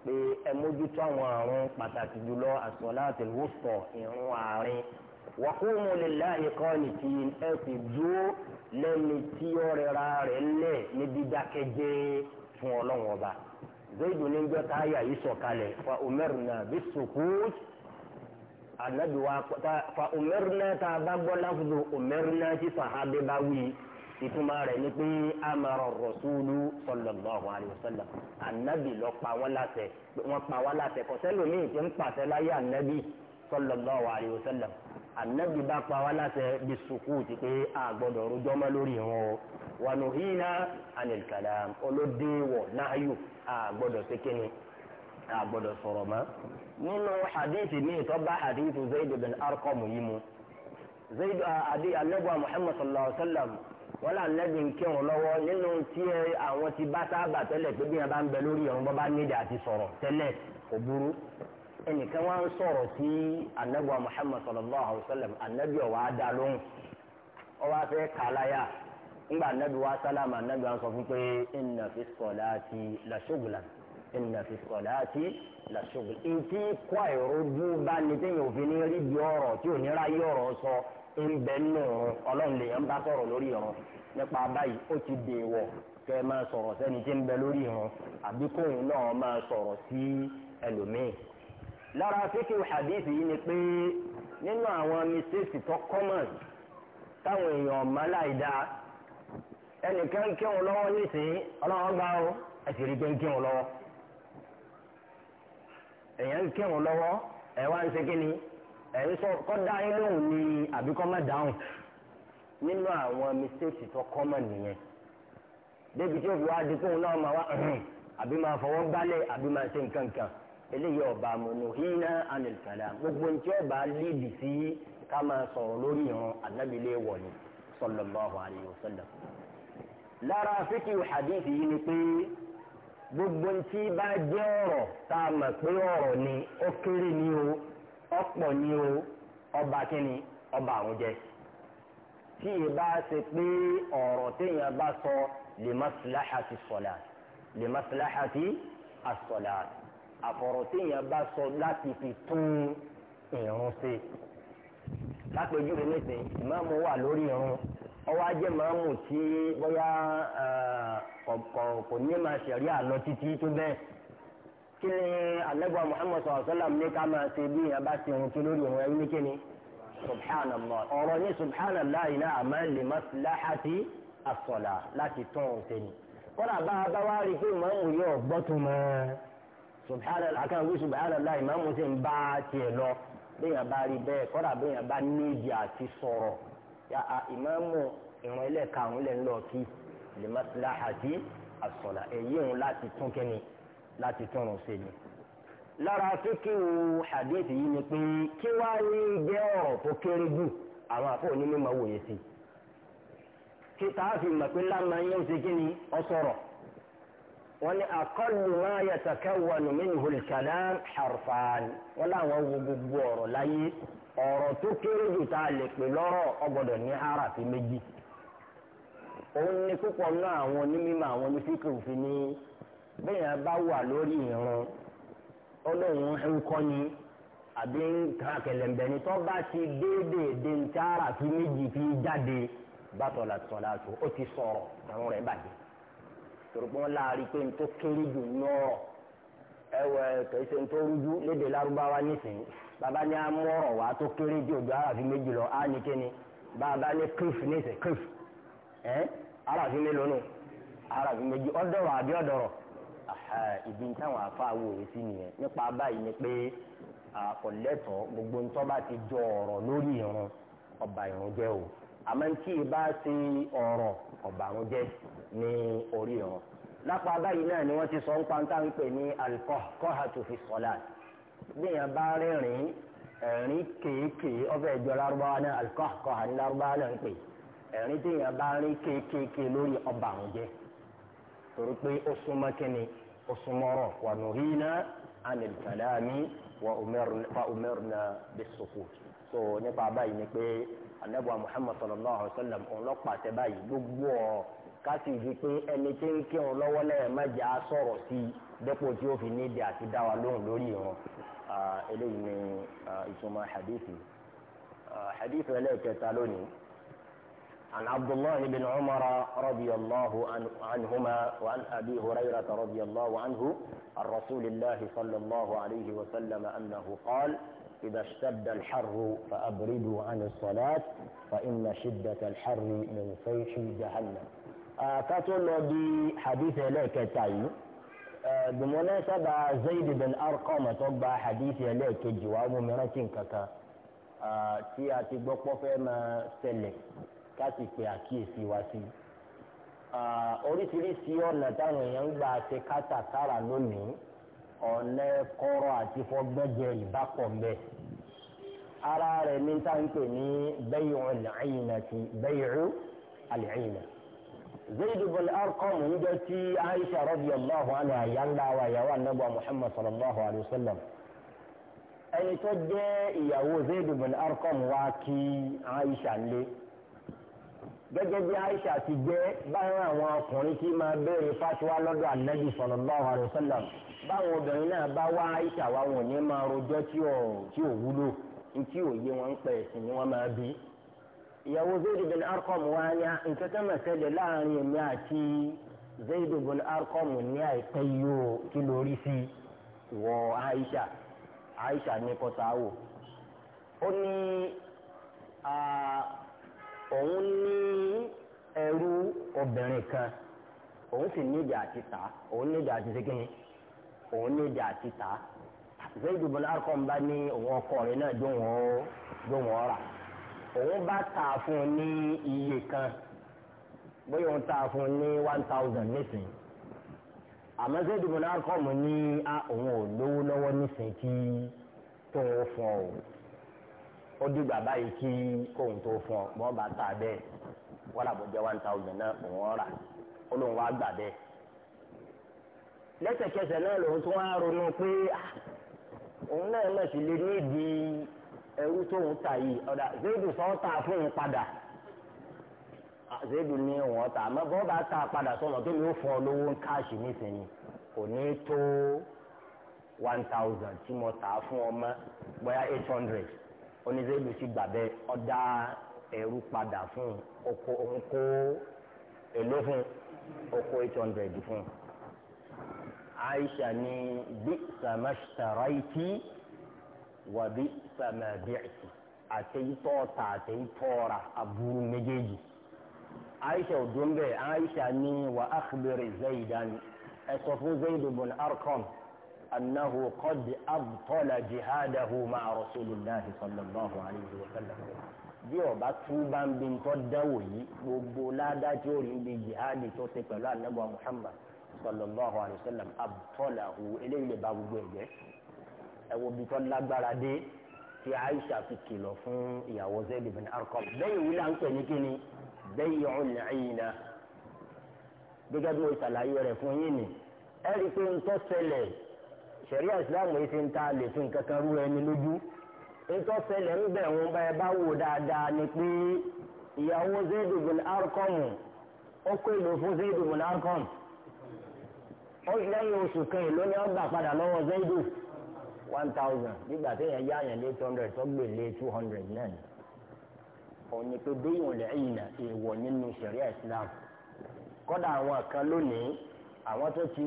pé ẹ mójútó àwọn àrùn pàtàkì jùlọ as-salati al-wusta ìrún àárín wa qumu lillahi qanitin ẹ sì dúró lẹ́ni tí ọ̀rẹ́ra rẹ̀ lẹ̀ ní dídákẹ́jẹ́ fún ọlọ́run ọba zayidu ní njọ́ tá a yà yìí sọ̀kalẹ̀ fa umerna bí sukut anabi wa fa umerna tá a bá gbọ́ láfudu umerna tí sahabe bá wí ìtumọ̀ rẹ̀ ni pé amara rasulu sallallahu alayhi wa sallam anabi lọ pa wọn láṣẹ wọn pa wọn láṣẹ kọsẹ́ lómi ìtẹ́ ń pàṣẹ láyé anabi sallallahu alayhi wa sallam anabi bá pa wá láti bí sukú ti pé a gbọ́dọ̀ rojọ́ mọ́ lórí wọn o wà nù híná anil kalam olóde wọ̀ náàyò a gbọ́dọ̀ ṣe kíni a gbọ́dọ̀ sọ̀rọ̀ mọ́. nínú hadith ní ìtọ́ba hadith zayd bin arqam yìí mu zayd adi anabuwa muhammad sallallahu alaihi wa sallam wọn là anabi ń kírun nínú tí àwọn ti bá sábà tẹ́lẹ̀ pé bá ń bẹ lórí ọ̀run bọ́ bá nídìí àti sọ̀rọ̀ tẹ́lẹ̀ kò burú ẹnìkan wá ń sọ̀rọ̀ sí anabi muhammad sallallahu alayhi wa sallam anabiwa lóhùn wa sálámà anabi sọ fún pé inna fi salati la shughlan inna fi salati la shughlan etí kọ́ àìrójú bá ní téèyàn òfin ní rí ọ̀rọ̀ tí ò ní ra yí ọ̀rọ̀ sọ ń bẹ nù ọlọ́run lè ń bá sọ̀rọ̀ lórí ọ̀rọ̀ nípa báyìí ó ti lára fíkì hadith yìí ni pé nínú àwọn mistakes tó common táwọn èèyàn ọ̀ma láìda ẹnìkan kí wọn lọ́wọ́ nísìnyí ọlọ́wọ́ gbá o ẹ̀sìn rí pé ń kí wọn lọ́wọ́ èèyàn kí wọn lọ́wọ́ wá ń ṣe kí ni ẹ̀ ń sọ kọ́ dá yín lóhùn ni àbí kọ́ má dáhùn nínú àwọn mistakes tó common nìyẹn débi eléyìí ọba mọ̀nù hínà ànìkàlà gbogbo ní tí ọba léèdì sí ká máa sọ̀rọ̀ lórí ìran ànábìlẹ̀ wọ̀nyí sallallahu alayhi wa sallam. lára fíkì hadithi yìí ni pé gbogbo ní tí bá jẹ́ ọ̀rọ̀ tá a mọ̀ pé ọ̀rọ̀ ni ó kéré ni o ọ̀pọ̀ ni o ọba kíni ọba àrùn jẹ tí ì bá ṣe pé ọ̀rọ̀ téèyàn bá sọ li maslahati sọ̀lá li maslahati as-sọ̀lá àfọ̀rọ̀ téèyàn bá sọ láti fi tún ìrun ṣe. lápèjúwe nísìnyí ìmáàmù wà lórí ìrun ọwọ́ ajé màámù tí bóyá kò ní máa ṣẹ̀rí àlọ́ títí tó bẹ́ẹ̀ kí ni alẹ́gbà Muhammad sọ̀rọ̀ sọ́lá ní ká máa ṣe bí ìyẹn bá ṣe ohun tó lórí ìrun ẹ̀yìn ní kíni subhanallah ọ̀rọ̀ ní subhanallah iná àmọ́ lè má láhàtì àsọ̀là láti tún òun ṣe ni kọ́lá bá a bá wá rí i pé màámù yóò gbọ́ tó máa subhana akáwé subhana allah ìmáàmù sì ń bá tiẹ̀ lọ béèyàn bá rí bẹ́ẹ̀ kọ́dà béèyàn bá níbi àti sọ̀rọ̀ ya ìmáàmù ìran ilé karùn-ún lẹ́ ń lọ kí lè má ti láhà sí àsọ̀là èyí òun láti tún kẹ́ni láti tún un ṣe ni. lára fíkìwù hadith yìí ni pé kí wàá ní jẹ́ ọ̀rọ̀ tó kéré jù àwọn àfọ̀ onímọ̀ wòye sí kí táà mọ̀ pé lámà yẹn ṣe kí ni ọ wọ́n ní akọ́lù máa yatakawan minhu al-kalam harfan wọ́n láwọn wo gbogbo ọ̀rọ̀ láyé ọ̀rọ̀ tó kéré jù tá a lè pè lọ́rọ̀ ó gbọ́dọ̀ ní harafi méjì òun ní púpọ̀ náà àwọn onímọ̀ àwọn onífíkì òfin ní bẹ́ẹ̀ yẹn bá wà lórí ìran ọlọ́run ń kọ́ àbí ń kan kẹlẹ̀mbẹ̀ ni tó bá ti déédéé dé ń tí harafi méjì fi jáde bàtọ̀ làtọ̀ làtọ̀ ó ti sọ̀rọ̀ àwọn rẹ̀ bàjẹ́ tòròpọ̀ láàrin pé n tó kéré jù náà ẹwẹ kìí ṣe n tó rújú léde lárúbáwá nísìnyí bàbá ní amọ̀rọ̀ wá tó kéré jù ojú aráàfin méjì lọ á ní kíni bàbá ní kíríf nísìn kíríf ẹ aráàfin mélòó nù aráàfin méjì ọ̀dọ̀rọ̀ àbí ọ̀dọ̀rọ̀ ìdí táwọn afáwò yìí sí nìyẹn nípa báyìí ni pé àkọlẹ́tọ̀ gbogbo ntọ́ bá ti jọ ọ̀rọ̀ lórí ìrun ọba ìrun jẹ́ o àmọ́ ntí ì bá ti ọ̀rọ̀ ọba ìrun jẹ́ ní orí wọn lápá báyìí náà ni wọ́n ti sọ ń pantá ń pè ní alikọ́hátù fi sọ́lá gbìyàn bá rẹ́rìn ẹ̀rín kéékèé ọbẹ̀ ìjọ lárúbáwá náà alikọ́hátù ní lárúbáwá náà ń pè ẹ̀rín téèyàn bá rí kéékèé lórí ọba àwọn jẹ́ torí pé ó súnmọ́ kínni ó súnmọ́ rọ̀ wà nùhínà anil kalami wa umirna bis-sukut so nípa báyìí ni pé anabu muhammad sallallahu alayhi wa sallam òun lọ́pàá tẹ báyìí gbogbo ọ̀ kásì di pé ẹni tí ń kírun lọ́wọ́ lẹ́yìn mẹ́jà á sọ̀rọ̀ sí i dépò tí ó fi nídìí àti dá wa lóhùn lórí ìran eléyìí ni ìtumọ̀ hadithi hadithi ẹlẹ́ẹ̀kẹta lónìí عن عبد الله بن عمر رضي الله عنهما وعن أبي هريرة رضي الله عنه عن رسول الله صلى الله عليه وسلم أنه قال إذا اشتد الحر فأبردوا عن الصلاة فإن شدة الحر من صيح جهنم kátó lọ di hadith ẹlẹ́ẹ̀kẹta yìí gbùmọ̀lẹ́ sábà Zayd bin Arqam tó gba hadith ẹlẹ́ẹ̀kejì wà mú mìíràn kí n kankan tí a ti gbọ́ pọ́ fẹ́ máa ṣẹlẹ̀ ká sì pè àkíyèsí wá sí i oríṣiríṣi ọ̀nà táwọn èèyàn ń ṣe kátàkárà lónìí ọ̀nà kọ́rọ̀ àti fọgbẹ́jẹ ìbápọ̀ mbẹ́. ara rẹ̀ ní táǹpẹ̀ ní bẹ́yìí ọ̀nà àyìnà ti bẹ́yìí ọ̀nà زيد بن أرقم níjọ́ عائشة رضي الله عنها يلا ńlá wa محمد صلى الله عليه وسلم أن sallam يا زيد بن أرقم zayd ibn لي. wá kí aisha lé gẹ́gẹ́ bí aisha ti jẹ́ báwọn àwọn ọkùnrin tí máa béèrè fatiwa lọ́dọ̀ anabi sallallahu alayhi wa sallam báwọn obìnrin náà bá wá aisha wa wọn ní máa rojọ́ tí ò wúlò tí ò yé wọn ń pẹ̀ ẹ̀sìn ni wọ́n máa bí. ìyàwó zayd bin arqam wá ní nǹkan kan láàrin èmi àti zayd bin ní àìpẹ́ kí sí wọ aisha aisha ní kọsáwò ó ní òun ní ẹrú obìnrin kan òun sì níjà àti tà òun níjà àti ṣégin òun níjà àti tà zayd bin bá ní òun ọkọ rẹ̀ náà dùn wọn òun bá taa fún ní iye kan bóyá òun taa fún ní one thousand nísìnyí àmọ́ Zaid ibn Arqam ní òun ò lówó lọ́wọ́ nísìnyí kí tóun fún ọ ó dìgbà báyìí kí kóun tó fún ọ bọ́n bá tà bẹ́ẹ̀ wọ́n làbọ̀jẹ́ one thousand náà òun rà ó lóun wá gbà bẹ́ẹ̀ lẹ́sẹ̀kẹsẹ̀ náà lòun tún wá ronú pé ah, òun náà sí lè ní ìdí. ẹrú tó ń ta yìí ọ̀dà zéèdù sọ́n ta fún un padà zéèdù ní wọ́n ta àmọ́ bọ́ bá ta padà sọ̀nà tó ní ó fọ́ lówó ń káàṣì nísìnyí kò ní tó one thousand tí mo ta fún ọmọ bóyá eight hundred onízéèdù sì gbàbẹ ọ̀dà ẹrú padà fún un oko oko èló fún un oko eight hundred fún un Aisha ní bí sàmásítàráìtì wàbí sàmàbíàtì àtẹ̀yìntọ́ ta àtẹ̀yìntọ́ ra aburú méjèèjì. aisha odumbe aisha ni wa akhbiri zaidan ẹ sọ fún zaid bin arqam annahu qad abtala jihadahu ma'a rasulillahi sallallahu alayhi wa sallam bí ọba túbà ń bí nǹkan dáwò yìí gbogbo ládájú orí bí jihadi tó ṣe pẹ̀lú anabu muhammad sallallahu alayhi wa sallam abtalahu eléyìí lè ba gbogbo ẹ̀jẹ̀ ẹ̀wọ̀ bí tó lágbára dé tí Aisha fi kìlọ̀ fún ìyàwó Zayd bin Arqam bẹ́ẹ̀ wí là ń pè ní kíni bẹ́ẹ̀ yọ̀ ọ́n lẹ́yìn náà gẹ́gẹ́ bí mo ṣàlàyé rẹ̀ fún yín ni ẹ rí i pé ntọ́ ṣẹlẹ̀ ṣẹ̀ríà ìsìláàmù yìí ti ń ta lè fi nǹkan kan rú ẹni lójú ntọ́ ṣẹlẹ̀ ń bẹ̀ wọ́n bá ẹ bá wò dáadáa ni pé ìyàwó Zayd bin Arqam ó kó èlò fún Zayd bin Arqam ó lẹ́yìn oṣù kan èlò ni ó gbà padà lọ́wọ́ Zayd one thousand nígbà tí èèyàn yá yẹn lé two hundred tó gbè lé two hundred náà ni òní pé déyìn lè yìn náà èèwọ̀ nínú sẹ̀ríà Islam kọ́dà àwọn kan lónìí àwọn tó ti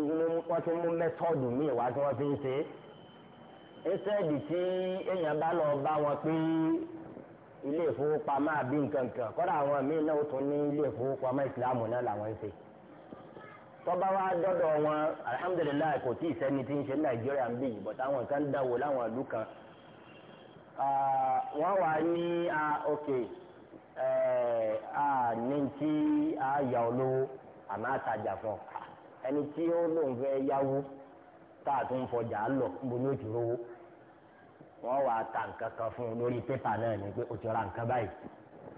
wọ́n ti mú mẹ́tọ́ọ̀dù míì wá tí wọ́n fi ń ṣe é ẹ́sẹ́ẹ̀dì tí èèyàn bá lọ bá wọn pé ilé ìfowópamọ́ àbí nǹkan kan kọ́dà àwọn míì náà ó tún ní ilé ìfowópamọ́ Islam náà làwọn ń ṣe tọ́ba wa dọ́dọ̀ wọn alihamudulilayi kò tí ì sẹ́ni tí ń ṣe nàìjíríà ń bì yìí bọ̀tà àwọn kan dáwọ́ láwọn ìlú kan wọ́n wà ní òkè ní tí a yà ọ lówó àmọ́ àtajà fún ẹni tí ó lóun fẹ́ yáwó tá a tún fọjà á lọ níbo ni ó ti rówó wọ́n wà ta nǹkan kan fún un lórí pépà náà ni pé o ti ra nǹkan báyìí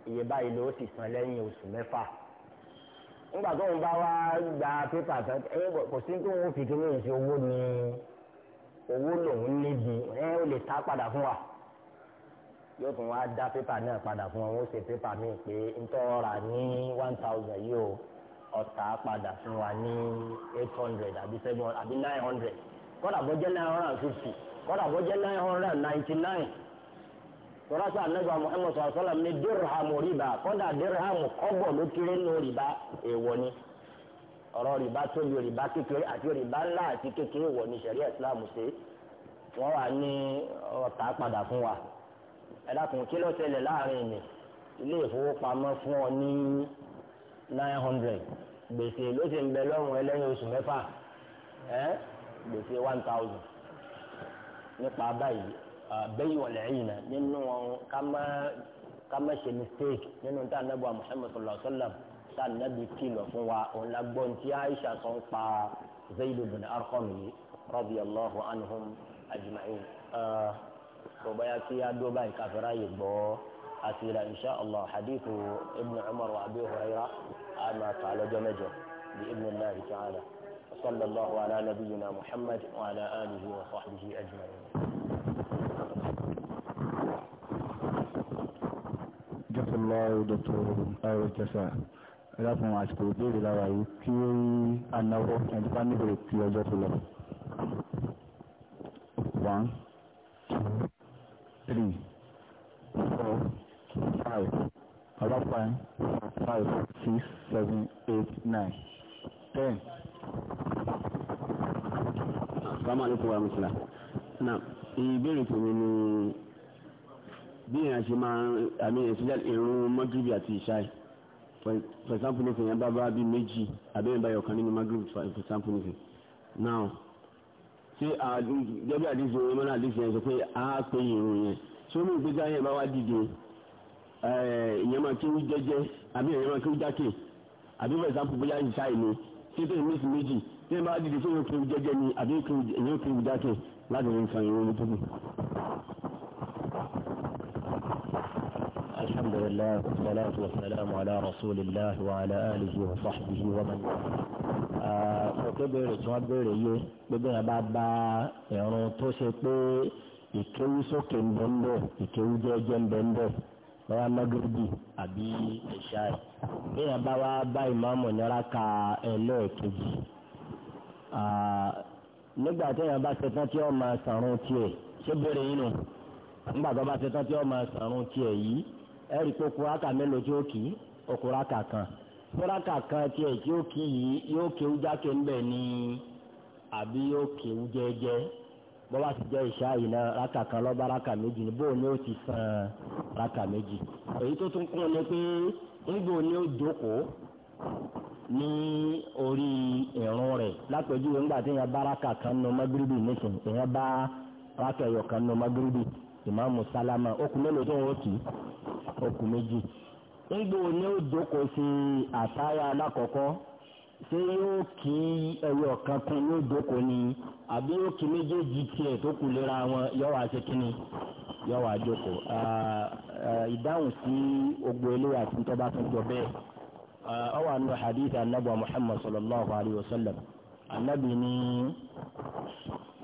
iye báyìí ló sì san lẹ́yìn oṣù mẹ́fà nígbà tó ń bá wa gba pépà tán ẹ kò sí tó fi owó ni owó lòun níbi ẹ ó lè ta padà fún wa yóò tún wá dá pépà náà padà fún wa wọ́n ṣe pépà míì pé ntọ́ra ní one thousand yìí padà fún wa ní eight hundred àbí seven àbí nine hundred nine tọ́lásà anagba muhammed sallallahu alayhi wa sallam ní dirhamu riba kọ́dà dirhamu kọ́bọ̀ ló kéré èèwọ̀ ni ọ̀rọ̀ riba tóbi riba kékeré àti riba ńlá àti kékeré wọ̀ ní sẹ̀ríà islam ṣe wọ́n wà ní ọ̀tá padà fún wa ẹ kí ló ṣẹlẹ̀ láàrin ilé ìfowópamọ́ fún ọ ní nine hundred gbèsè ló ti ń bẹ lọ́rùn ẹlẹ́yìn oṣù mẹ́fà gbèsè bẹ́yìn wọ̀lẹ̀ ẹ̀yìn náà nínú kama ṣe mistake nínú tá a nàbọ̀ Muhammad sallallahu alaihi wa sallam tá a nàbí kìlọ̀ fún wa òun la gbọ́n tí Aisha sọ ń pa Zayd bin Arqam yìí radiyallahu anhum ajma'in tó báyà kí a dó báyìí káfíńrà yìí gbọ́ àtìlà insha allah hadithu ibn Umar wa Abi Hurairah a máa kà lọ́jọ́ mẹ́jọ bí ibn Allah ta'ala. وصلى الله على نبينا محمد وعلى آله وصحبه أجمعين جزا الله دكتور أول جزاء láfún àsìkò ìbéèrè lára كي kí ó rí anáwọ́ ẹni bá níbèrè one two three four five bàbá five, five six seven eight nine ten sàmú àlékún wa mùsùlá. náà ìbéèrè tèmi ni bí èèyàn ṣe máa àmì ìṣẹ́jà ìrún mọ́gìrìbì àti ìṣáì for example ní fèèyàn bá bá bí méjì àbẹ́yìn báyọ̀ kan nínú mọ́gìrìbì for example ní fèèyàn. now ṣé gẹ́gẹ́ àdìsí orin mọ́nà àdìsí yẹn sọ pé a pé ìrún yẹn ṣé ó mú ìgbésí ayé bá wá dìde ìyẹn máa kéwú jẹ́jẹ́ àbí ìyẹn máa kéwú jákè àbí for example bóyá ìṣáì ni ṣé tèmi méjì ní bá dìde tí yóò kí n jẹ́jẹ́ ni àbí yóò kí n dákẹ́ láti rí nǹkan ìwé tó kù. الحمد لله والصلاة والسلام على رسول الله وعلى آله وصحبه ومن ọ̀kẹ́ bẹ̀rẹ̀ tí wọ́n bẹ̀rẹ̀ yé gbogbo yẹn bá bá ẹ̀rùn tó ṣe pé ìkéwú sókè ń bẹ̀ ń bẹ̀ ìkéwú jẹ́jẹ́ ń bẹ̀ ń bẹ̀ lọ́wọ́ magrebi àbí ẹ̀ṣáì bí yẹn bá wá bá ìmáàmù nira ka ẹlẹ́ẹ̀kejì nígbà tí èèyàn bá ṣetán tí ó máa sàrun tiẹ̀ ṣé bèrè yín nù nígbà tó bá ṣetán tí ó máa sàrun tiẹ̀ yìí ẹ rí i pé kúráka mélòó tí ó kì í okùráka kan kúráka kan tiẹ̀ tí ó kì yìí yóò kéwú jákè ńbẹ̀ ni àbí yóò kéwú jẹ́jẹ́ bó bá ti jẹ́ ìṣá yìí náà ráka kan lọ́ba ráka méjì ni bóun ni ó ti san ráka méjì èyí tó tún kún ni pé níbo ni ó jókòó ní orí ìrun rẹ̀ lápẹ̀júwe ńgbà tí èèyàn bá rákà kan nu magiribi nìkan èèyàn bá kan nu magiribi ìmáàmù sálámà okùn mélòó tó ń wọ́tì okùn méjì. wo ni ó jókòó sí àtàyà alákọ̀ọ́kọ́ ṣé yóò kan yóò ni àbí yóò kí méjèèjì tiẹ̀ tó kù lera wọn yawa wá ṣe kínní yóò wá jókòó. ìdáhùn sí آه، أو أن حديث النبي محمد صلى الله عليه وسلم النبي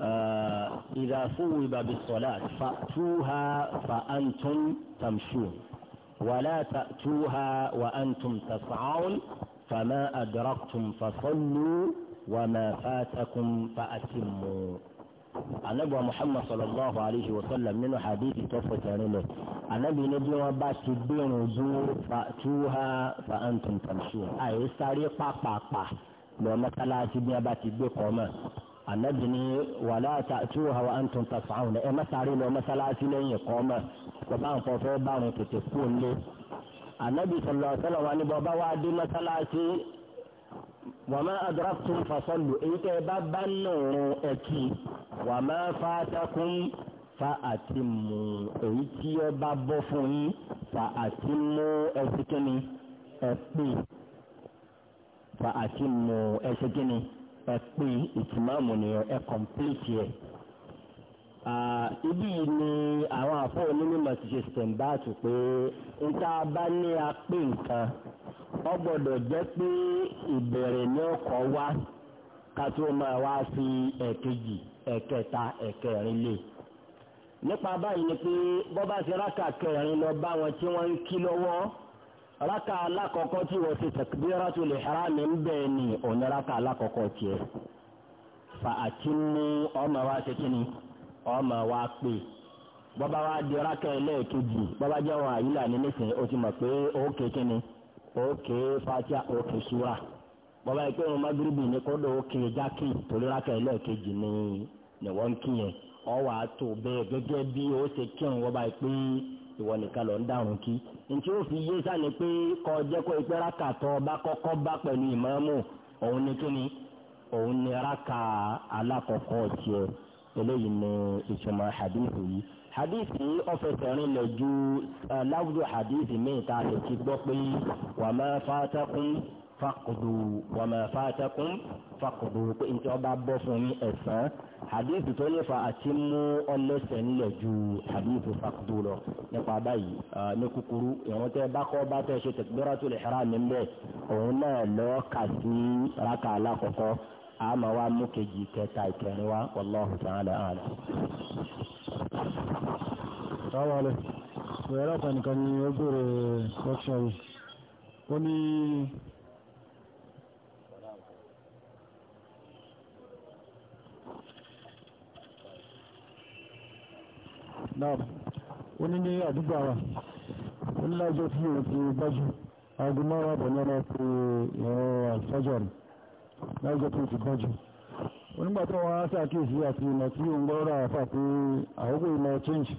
آه، إذا صوب بالصلاة فأتوها فأنتم تمشون ولا تأتوها وأنتم تسعون فما أدركتم فصلوا وما فاتكم فأتموا النبي محمد صلى الله عليه وسلم من حديث توفى تانيه يعني ànábì ní bí wọ́n bá ti gbẹ̀rùn dúró fàtúhà fàǹtùm tàmṣù àyè sáré pàpàpà lọ mọ́sálásí bí wọ́n bá ti gbé kọ́ mọ́ ànábì ní wàlá tàtúhà fàǹtùm tàfàhùn ẹ má sáré lọ mọ́sálásí lẹ́yìn kọ́ mọ́ kò nǹkan fẹ́ bá tètè kú lé ànábì sọlọ sọlọ wọn ni bọba wa dé mọ́sálásí wọ́n máa adraktum fasallu èyí tẹ́ ẹ bá bá nù ẹ̀kí wọ́n fàtàkùn fa àti mú èyí tí ẹ bá bọ́ fún yín fa àti mú ẹsẹ̀ kínní ẹ pè fa àti mú ẹsẹ̀ kínní ẹ pè ìtìmáàmù ni ẹ kọ̀m̀pìlìtì ẹ̀. ibí yìí ni àwọn àfọ onímọ̀ ti ṣe sẹ̀ǹbáàtù pé n tá a bá ní a pè nǹkan ó gbọ́dọ̀ jẹ́ pé ìbẹ̀rẹ̀ ní ọkọ̀ wá ká tó máa wá sí ẹ̀kejì ẹ̀kẹta ẹ̀kẹrin lè nípa báyìí ni pé bọ́bá ṣe rákà kẹrin lọ bá wọn tí wọ́n ń kí lọ́wọ́ rákà alákọ̀ọ́kọ́ tí wọ́n ṣe takbiratul ihram ń bẹ́ẹ̀ ni òní rákà alákọ̀ọ́kọ́ tiẹ̀ fa àti mú ọmọ wa ṣe kí ni ọmọ wa pè bọ́bá wa di rákà ẹlẹ́ẹ̀kejì bọ́bá jẹ́ wọn àyílà ní nísìnyí ó ti mọ̀ pé òkè kí ni òkè fatia òkè sura bọ́bá yìí pé wọn magribi ní kódò òkè jákè torí rákà ẹlẹ́ẹ̀kejì ni ni wọ́n ń kí yẹn. ọ wà á tó bẹ́ẹ̀ gẹ́gẹ́ bí ó ṣe kírun wọ́n báyìí pé ìwọ nìkan lọ ń dàrún kí nítí fi yé sani pé kọ jẹ́ kó ipẹ́ tọ́ ọba kọ́kọ́ bá pẹ̀lú ime òun ni kíni òun ni rákà alákọ̀ọ́kọ́ tiẹ̀ eléyìí ni hadith yìí hadith ju eh, hadith gbọ́ pé fàkùdù wàmà fàtàkùn fàkùdù pé n tí ọba bọ́ fún yín ẹ̀sán hadith tó nífa àti mú ọlẹ́sẹ̀ nílẹ̀ ju hadith fàkùdù lọ nípa báyìí ní kúkúrú ìwọ̀n tẹ́ bákọ́ bá tẹ́ ṣe takbiratul ihram mi bẹ́ẹ̀ òun náà lọ́ọ́ kà sí rákà alákọ̀ọ́kọ́ àmà wa mú kejì kẹta ìkẹrin wa wallahu ta'ala a'lam. sáwọn alẹ́ ìrẹ́lẹ́pàá nìkan ni ó gbèrè lọ́kṣọ̀rì ó ní náà ó ní ní àdúgbò àwà ó ní lájọ́ tí ó ti bájú aago márùn àbọ̀ ní ọmọ pé ẹ̀rọ àfẹ́jọ́ rẹ̀ lájọ́ tí ó ti bájú onígbà tó wọ́n á sàkíyèsí àti ìmọ̀ tí ó ń gbọ́rọ̀ àfà pé àwọ́gbò ìmọ̀ change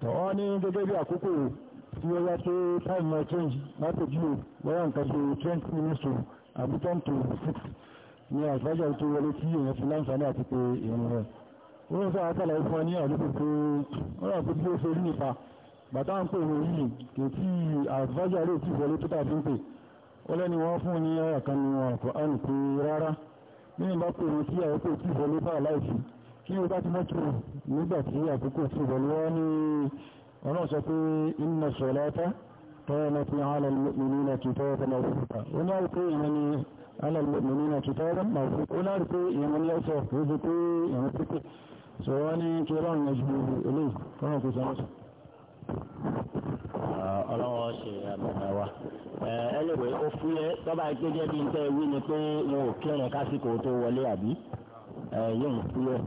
tọ́wọ́ ní gẹ́gẹ́ bí àkókò tí ó yá pé time mọ̀ change látòjú wọ́yá nǹkan tó 20 minutes to àbútọ́ to 6 ní tó wọlé tí èèyàn fi láǹfààní àti pé èèyàn rẹ̀ wọ́n sọ àtàlà ìfọn ní àdúgbò ọ̀rọ̀ tó tó ṣe rí nípa bàtà ń pè wọ́n yìí kò tí àfájà rẹ̀ tí wọlé tó tàbí ń pè ó lẹ́ni wọ́n fún ní ọ̀rọ̀ kan ní Al-Qur'an pé rárá ní ìbá pè wọ́n tí àwọn pè tí wọlé bá láìsí kí wọ́n bá ti mọ́ kí nígbà tí àkókò tí wọlé wọ́n ní ọ̀nà sọ pé inna salata kanat 'ala so wọ́n ní kí ọlọ́run yẹn ju eléyìí ọlọ́run kò sọ́wọ́sọ. ọlọ́run ṣe àmàlà wa ẹlẹ́wẹ̀ ó fúyẹ́ tọ́ba ìgbẹ́jẹ́ bíi tẹ́ wí ni pé wọn ò kírun kásìkò tó wọlé àbí yóò ń fúyẹ́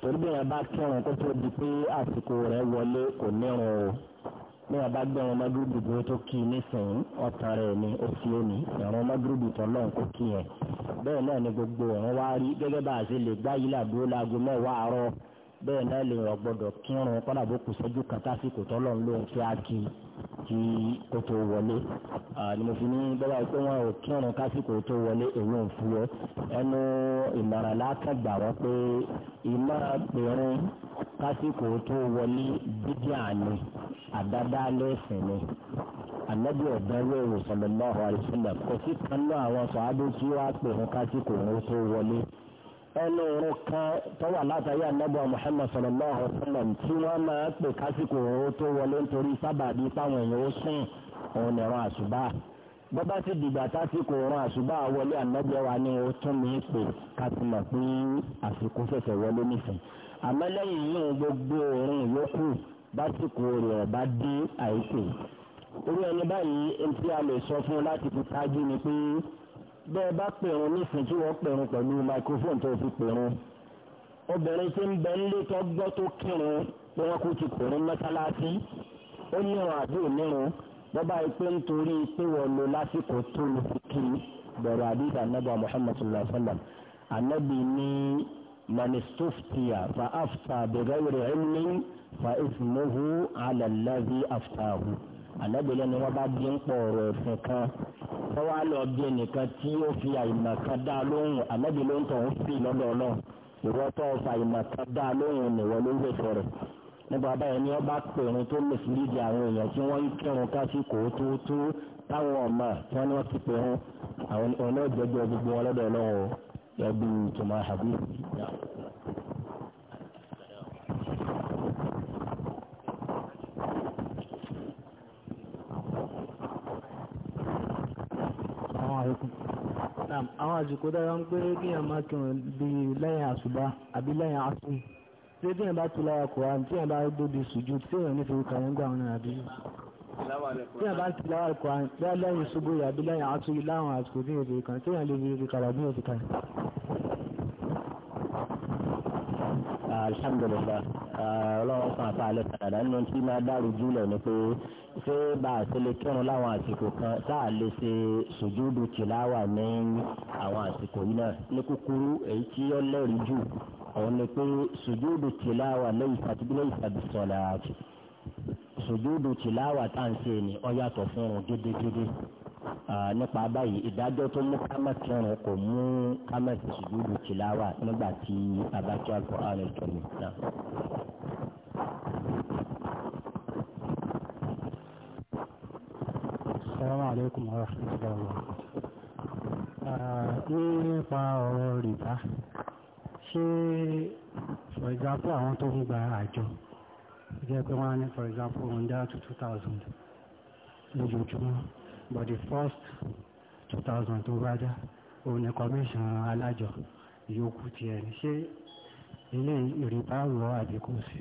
torí bí wọn bá kírun kó tó di pé àsìkò rẹ̀ wọlé kò nírun o ní abágbé wọn magrubu bí ó tó kí i nísìnyí ọ̀tàn rẹ̀ ní òsì òní ìrún magrubu tó lọ́n kó kí yẹn bẹ́ẹ̀ náà ni gbogbo ọ̀run wá rí gẹ́gẹ́ bá a ṣe lè gbá yìí làdúró láago mẹ́wàá àárọ̀ bẹ́ẹ̀ náà lè yàn gbọ́dọ̀ kírun kọ́nà bó kù sẹ́jú kan tásìkò tọ́lọ̀ ń lóun fẹ́ kí kí kó tó wọlé ni mo fi ní bẹ́ẹ̀ báyìí pé wọ́n ò kírun kásìkò tó wọlé èyí ń fú ọ ẹnu ìmọ̀ràn látàgbà wọn pé ìmọ̀ pẹ̀rún kásìkò tó wọlé bídíà ni àdáda lẹ́sìn ni anabi ọ̀dẹ́rẹ́ ìwòsàn lọ́wọ́ àìsílẹ̀ kò sí kan náà àwọn sàádó tí wọ́n á pè kásìkò tó wọlé ẹnu òun kan tó wà látàrí anábọ̀ Muhammad sallallahu alaihi wasallam tí wọ́n máa pè kásìkò òun tó wọlé nítorí sábàbí táwọn èèyàn ó sùn òun nìran àṣùbà bọ́bá ti dìgbà tásìkò òun àṣùbà wọlé anábọ̀ wa ni ó tún mí pè kásìmọ̀ pé àsìkò ṣẹ̀ṣẹ̀ wọlé nìsín àmọ́ lẹ́yìn inú gbogbo òun yòókù básìkò rẹ̀ bá dé àìpè orí ẹni báyìí ntí a lè sọ fún láti fi ṣáájú ni pé bẹ́ẹ̀ bá pèrún nísìnyí tí wọ́n pèrún pẹ̀lú microphone tó fi pèrún obìnrin tí ń bẹ nílé tó gbọ́ tó kírun pé wọ́n kú ti kùnrin mọ́sálásí ó nírun àbí ònírun bọ́bá ìpé nítorí pé wọ́n lo lásìkò tó lu kí bẹ̀rẹ̀ àdìs anábà Muhammad sallallahu alayhi wa sallam anábì ní manistoftia fa afta bẹ̀rẹ̀ rẹ̀ ẹ̀mí fa ismuhu ala allazi aftahu ànábìlẹ̀ ni wọ́n bá bí ń pọ̀ ọ̀rọ̀ ẹ̀sìn kan wọ́n wá lọ bí ẹnìkan tí ó fi àyìnbá kan dá lóhùn ànábìlẹ̀ ń tọ̀hún sí lọ́dọ̀ náà ìwọ́ tó fa àyìnbá kan dá lóhùn nìwọ́ ló wé sọ̀rọ̀ nípa báyìí ni wọ́n bá pèrún tó mẹsìlídìí àwọn èèyàn tí wọ́n ń kírun kásìkò tó tó táwọn ọmọ tí wọ́n ní wọ́n ti àwọn ọ̀nà ìjẹ́jọ́ gbogbo wọn lọ́dọ̀ náà ẹ̀bùn ìtumọ̀ náà àwọn àsìkò dára ń pé kí èèyàn máa kírun bí lẹ́yìn àṣùbá àbí lẹ́yìn asùn tí tí èèyàn bá tu lára Kùránì tí èèyàn bá dóbi sùjú tí èèyàn ní fèrè kàwọn gbà wọn àbí tí èèyàn bá ti lára Kùránì bí lẹ́yìn ṣubú àbí lẹ́yìn asùn láwọn àsìkò tí èèyàn lè fi kàrà bí èèyàn fi kàrà alhamdulilah ah, ọlọ́run kan àfa àlẹ́ sàdàdà nínú tí máa dárò júlẹ̀ ni pé ṣé bá a ṣe lè kírun láwọn àsìkò kan tá a lè ṣe sùjúdù tìláwà ní àwọn àsìkò yìí náà ní kúkúrú èyí tí ó lẹ́rìí jù òun ni pé sùjúdù tìláwà lẹ́yìn fàtìbílẹ̀ ìfàbísọ̀lá sùjúdù tìláwà tá à ń ṣe ni ó yàtọ̀ fún un gédégédé nípa báyìí ìdájọ́ tó mú kámẹ́kẹrin kò mú kámẹ́sì sùdúrù tìláwà nígbà tí abájọ́ Al-Qur'an al-Karim náà. Assalamu alaikum wa rahmatullahi wa barakatuh. nípa ọ̀rọ̀ rìbá ṣé for example àwọn tó ń gba àjọ jẹ́ pé wọ́n á ní for example one hundred to two thousand lójoojúmọ́ but the first two thousand tó bá dá òun ni commission alájọ yòókù ti ẹni ṣé ilé ìrìbá wọ àdínkù sí.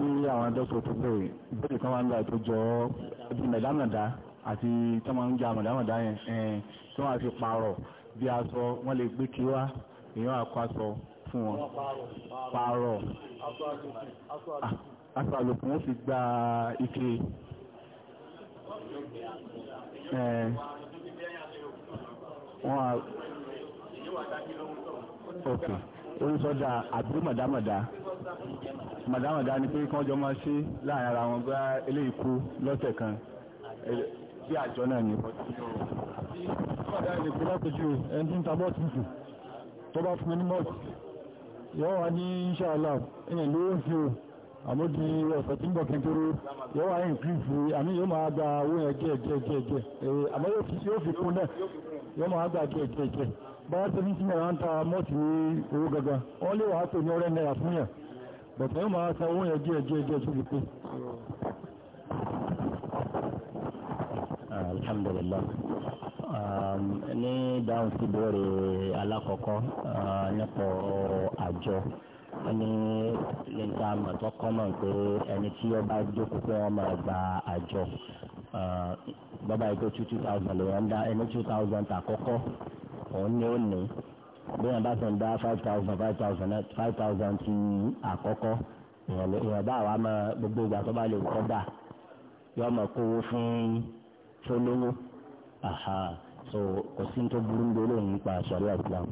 ní àwọn dókítà tó bẹ̀rẹ̀ ìbéèrè kan máa ń gbà tó jọ bí mẹ̀dámẹ̀dá àti tó máa ń ja mẹ̀dámẹ̀dá yẹn tí wọ́n á fi pààrọ̀ bí aṣọ wọ́n lè gbé kí wá èèyàn àkọ́ aṣọ fún wọn pààrọ̀ aṣọ àlòkù ah, wọ́n fi gba ike Eh, wọ́n ok orí sọ́jà àbúrú màdámàdá màdámàdá ni pé kán jọ máa ṣe láàrin ara wọn gbá eléyìí kú lọ́sẹ̀ kan eh, bí àjọ náà ni màdá ilé kó ẹni tí ń ta bọ́ọ̀tì tù tó bá fún mi ní mọ́ọ̀tì yọ́ wá ní inṣàlá ẹ̀yìn lówó fi o àmójì ọ̀sẹ̀ tí ń bọ̀ kẹntoro yóò wá ìnkírìsì àmì yóò máa gba owó yẹn díẹ̀ díẹ̀ díẹ̀ díẹ̀ ee eh, àmọ́ yóò fi yóò fi kún náà yóò máa gba ń ta owó wọ́n lè wàá tó ní fún bọ̀tẹ́ yóò máa owó yẹn tó fi pé. Um, ní wọ́n ní lẹ́ta àmọ̀tọ́ kọ́mọ̀ pé ẹni tí ó bá jókòó pé wọ́n máa gba àjọ bọ́bá yìí two thousand lè wọ́n dá ẹni two thousand àkọ́kọ́ òun ní ó ní bí wọ́n bá sọ̀rọ̀ dá five thousand five thousand five thousand ti àkọ́kọ́ ìwọ̀n bá wa máa gbogbo ìgbà tó bá lè kọ́ dà yọ ọmọ kówó fún fún lówó so kò sí tó burú ní olóyìn nípa sharia islam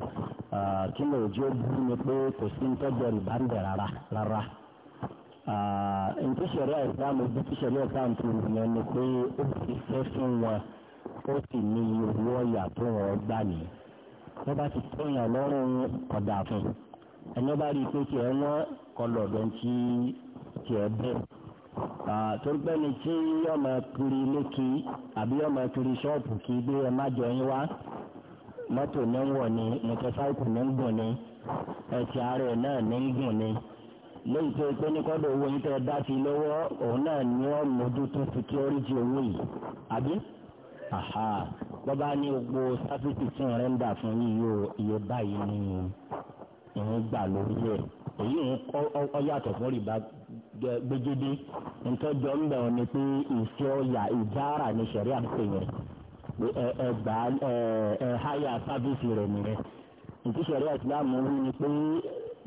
kí ló jẹ́ burú ni pé kò sí tó bẹ̀rù bá ń bẹ̀ rárá rárá nti sharia islam ibi tí sharia islam ti rìn yẹn ni pé ó ti fẹ́ fún wọn ó sì ní owó ọ̀yà tó wọn gbà ní wọ́n bá ti tó yàn lọ́rùn kọ̀dà fún ẹni bá rí i pé tiẹ̀ wọ́n kọ lọ́dọ̀ tí tiẹ̀ bẹ́ẹ̀ torípé ni tí ọmọ kiri lékì àbí ọmọ kiri ṣọ́ọ̀pù kì í gbé ẹ má jọ yín wá mọ́tò ní ń wọ̀ ni mọ́tòsáìkù ní ń gùn ni ẹ̀tì ààrẹ náà ní ń gùn ni lẹ́yìn tó pé ní kọ́dọ̀ owó yín tẹ́ dá sí lọ́wọ́ òun náà ni wọ́n mójútó síkírọ́rìtì owó yìí àbí bọ́bá ní gbogbo sáfíìsì tí ń rẹ́ńdà fún yíyó iye báyìí ni ìhun gbà lórí ẹ̀ èyí ń kọ́ ọ yàtọ̀ fún rìbá gbẹgẹdẹ ntọ́jọ́ ń bẹ̀ wọ́n ni pé ìfẹ́ ọ̀yà ìjára ni sẹ̀rí àǹfẹ̀ yẹn ẹ gbà ẹ háyà sábìsì rẹ̀ nìyẹn ntí sẹ̀rí àtìlámù wí ni pé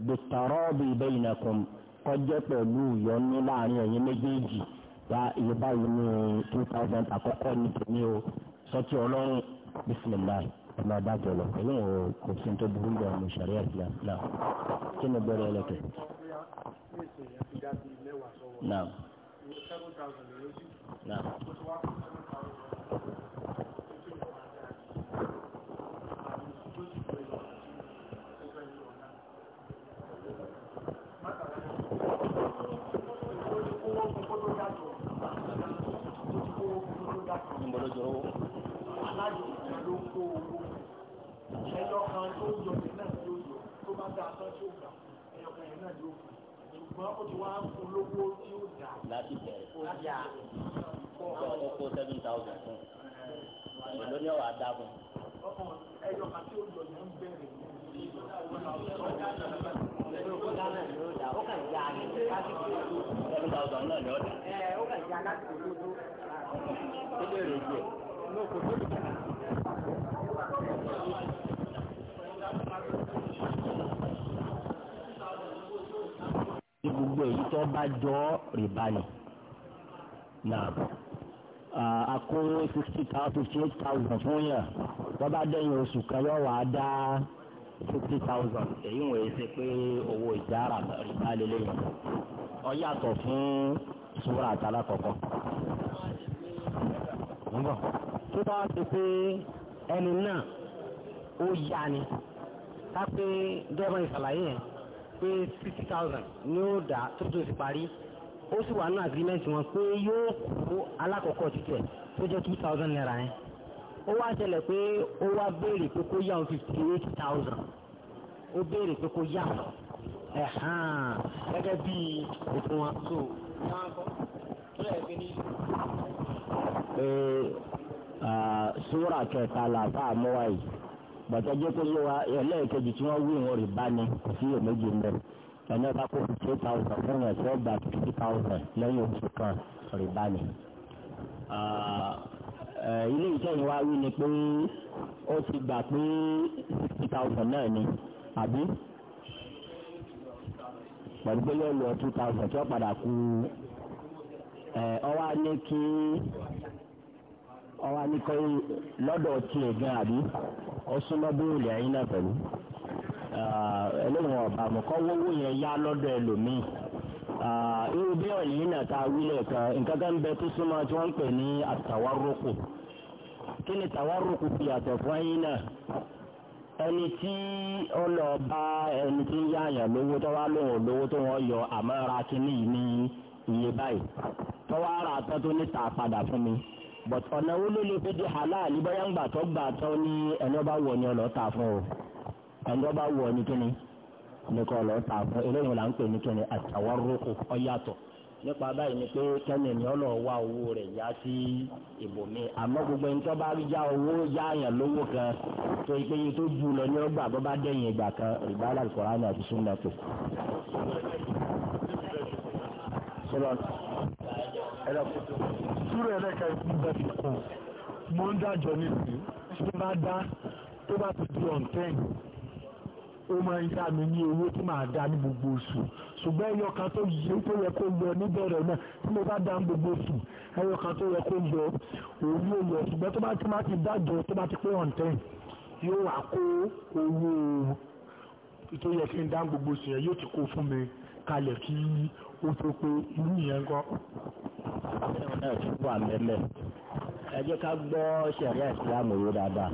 bìtàrọ́ọ̀bì bainakum kọjẹ́ pẹ̀lú ìyọnu láàrin ẹ̀yin méjèèjì gba iye báyìí ní two thousand àkọ́kọ́ ní tèmi o sọ́tì ọlọ́run bisimilayi ọmọ adájọ lọ ẹ̀yìn o kò sí ní tó burú bẹ̀rẹ̀ ní sẹ̀rí àtìlámù kí ni bẹ̀rẹ̀ ẹlẹ́kẹ̀ẹ́. Naam. Naam. ẹ̀yọ̀kan tó ṣùgbọ́n ó ti wá olówó tí ó dà. láti bẹ̀rẹ̀ ó yà bẹ́ẹ̀ ó kó seven thousand fún un ló ní ọ̀rọ̀ adá fún un. ọkọ ẹyọ kan tí ó yọ ní bẹ̀rẹ̀ ó kàn ya ni láti kò ó kàn ya láti tó tó. gbogbo èyí tó bá jọ rìbá ni. náà akó sixty thousand fifty eight thousand fún yàn tó bá dẹ́yìn oṣù kan yóò wá dá fifty thousand èyí wòye ṣe pé owó ìjára rìbá lélẹ́yìn ó yàtọ̀ fún sùúrà àtàlà kọ̀ọ̀kan bọ̀. tó bá wá ṣe pé ẹni náà ó yá ni ká pé gẹ́gẹ́ ìṣàlàyé yẹn pé sixty thousand ni ó dá tó tó fi parí ó sì wà ní agreement wọn pé yóò kó alákọ̀ọ́kọ́ títẹ̀ tó jẹ́ two thousand naira yẹn ó wá ṣẹlẹ̀ pé ó wá béèrè pé kó yá òun fifty eight thousand ó béèrè pé kó yá òun ẹ̀hán gẹ́gẹ́ bí òfin wọn tó ṣúra kẹta làbá àmúwáyìí gbàtọ́jú kó yé wa ẹlẹ́ẹ̀kejì tí wọ́n wí ìwọ̀n rìbá ni kò sí èméjì mọ́ ẹni ọba kó fi two thousand fún yẹn tí ó gba fifty thousand lẹ́yìn oṣù kan rìbá ni. ilé iṣẹ́ yìí wá wí ni pé ó ti gbà pé sixty thousand náà ni àbí pẹ̀lú pé yóò lọ two thousand tí ó padà kú ọ wá ní kí. ọwọ́ anìkọ́ lọ́dọ̀ tiẹ̀ gan àbí ọsúnmọ́ bóòlù ẹ̀yìn náà pẹ̀lú ẹlẹ́wọ̀n ọ̀bà àmọ́kọ́ wọ́wọ́ yẹn yá lọ́dọ̀ ẹlòmíì ah, irú bí ọ̀nì yìí náà ta wílẹ̀ kan nǹkan kan bẹ tó súnmọ́ tí wọ́n ń pè ní kí ni fi àtọ̀ fún ẹni tí ó lọ bá ẹni tí ń lówó tó wá lóhùn lówó tó wọ́n yọ àmọ́ ra kínní yìí ní iye báyìí but ọ̀nà wo ló lè fi di halal bóyá ń gbà tó gbà tó ní ẹni ọba wọ̀ ni ọlọ́ta fún o ẹni ọba wọ̀ ni kíni nìkan ọlọ́ta fún eléyìí là ń pè ní kíni àtàwárúkọ ọ̀yàtọ̀ nípa báyìí ni pé ni wá owó rẹ̀ yá sí ìbòmí àmọ́ gbogbo ẹni tó bá kan tó yìí tó lọ ní ọgbà bó bá kan súrẹ̀ ẹlẹ́ka ìpínlẹ̀ fi kù mo ń dájọ nísìn tí bá dá tó bá ti di ọ̀ntẹ́yìn ó máa ń yá mi ní owó tí màá dá ní gbogbo oṣù ṣùgbọ́n ẹyọ kan tó yẹ tó yẹ kó lọ níbẹ̀rẹ̀ náà tí mo bá dá gbogbo oṣù ẹyọ kan tó yẹ kó lọ òun ló lọ ṣùgbọ́n tó bá ti má ti dájọ tó bá ti pé ọ̀ntẹ́yìn yóò wá kó owó tó yẹ kí n dá gbogbo oṣù yẹn yóò ti kó fún mi kalẹ̀ kí kó tó pé irú yẹn gan. ẹ̀rọ náà ti wà mẹ́lẹ̀ ẹ jẹ́ ká gbọ́ ṣẹ̀ríà ìsìlámù yìí dáadáa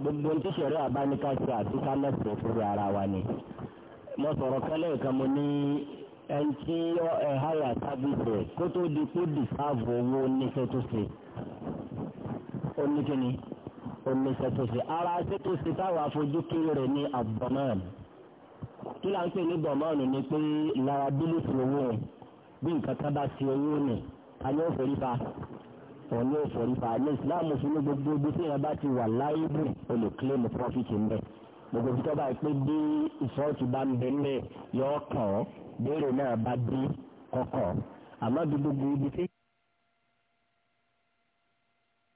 gbogbo ní ṣẹ̀ríà àbáníká ṣe àti kálẹ̀sì fúru ara wa ni mo sọ̀rọ̀ kẹ́lẹ́ ìkan mo ní ẹni tí ẹ háyà sábìsì kó tó di kó dìsáàbù owó oníṣẹ́ tó ṣe ó ní kíni oníṣẹ́ tó ṣe ara ṣètò ṣe táwọn afojúkiri rẹ̀ ní abdomen kí là ń pè ní dọ̀mọ́ọ̀nù ni pé lára bílí fún owó rẹ̀ bí nǹkan kan bá ti owó rẹ̀ ta ni ó forí fa òun ni ó forí fa ní ìsìláàmù fún ní gbogbo ibi tí ìyẹn bá ti wà láìbù o lè claim profit ń bẹ̀ gbogbo ibi tó bá pé bí ìfọ́ọ̀tì bá ń bẹ ńlẹ̀ yọ ọkàn béèrè náà bá dé kọ̀kọ̀ àmọ́ bí gbogbo ibi tí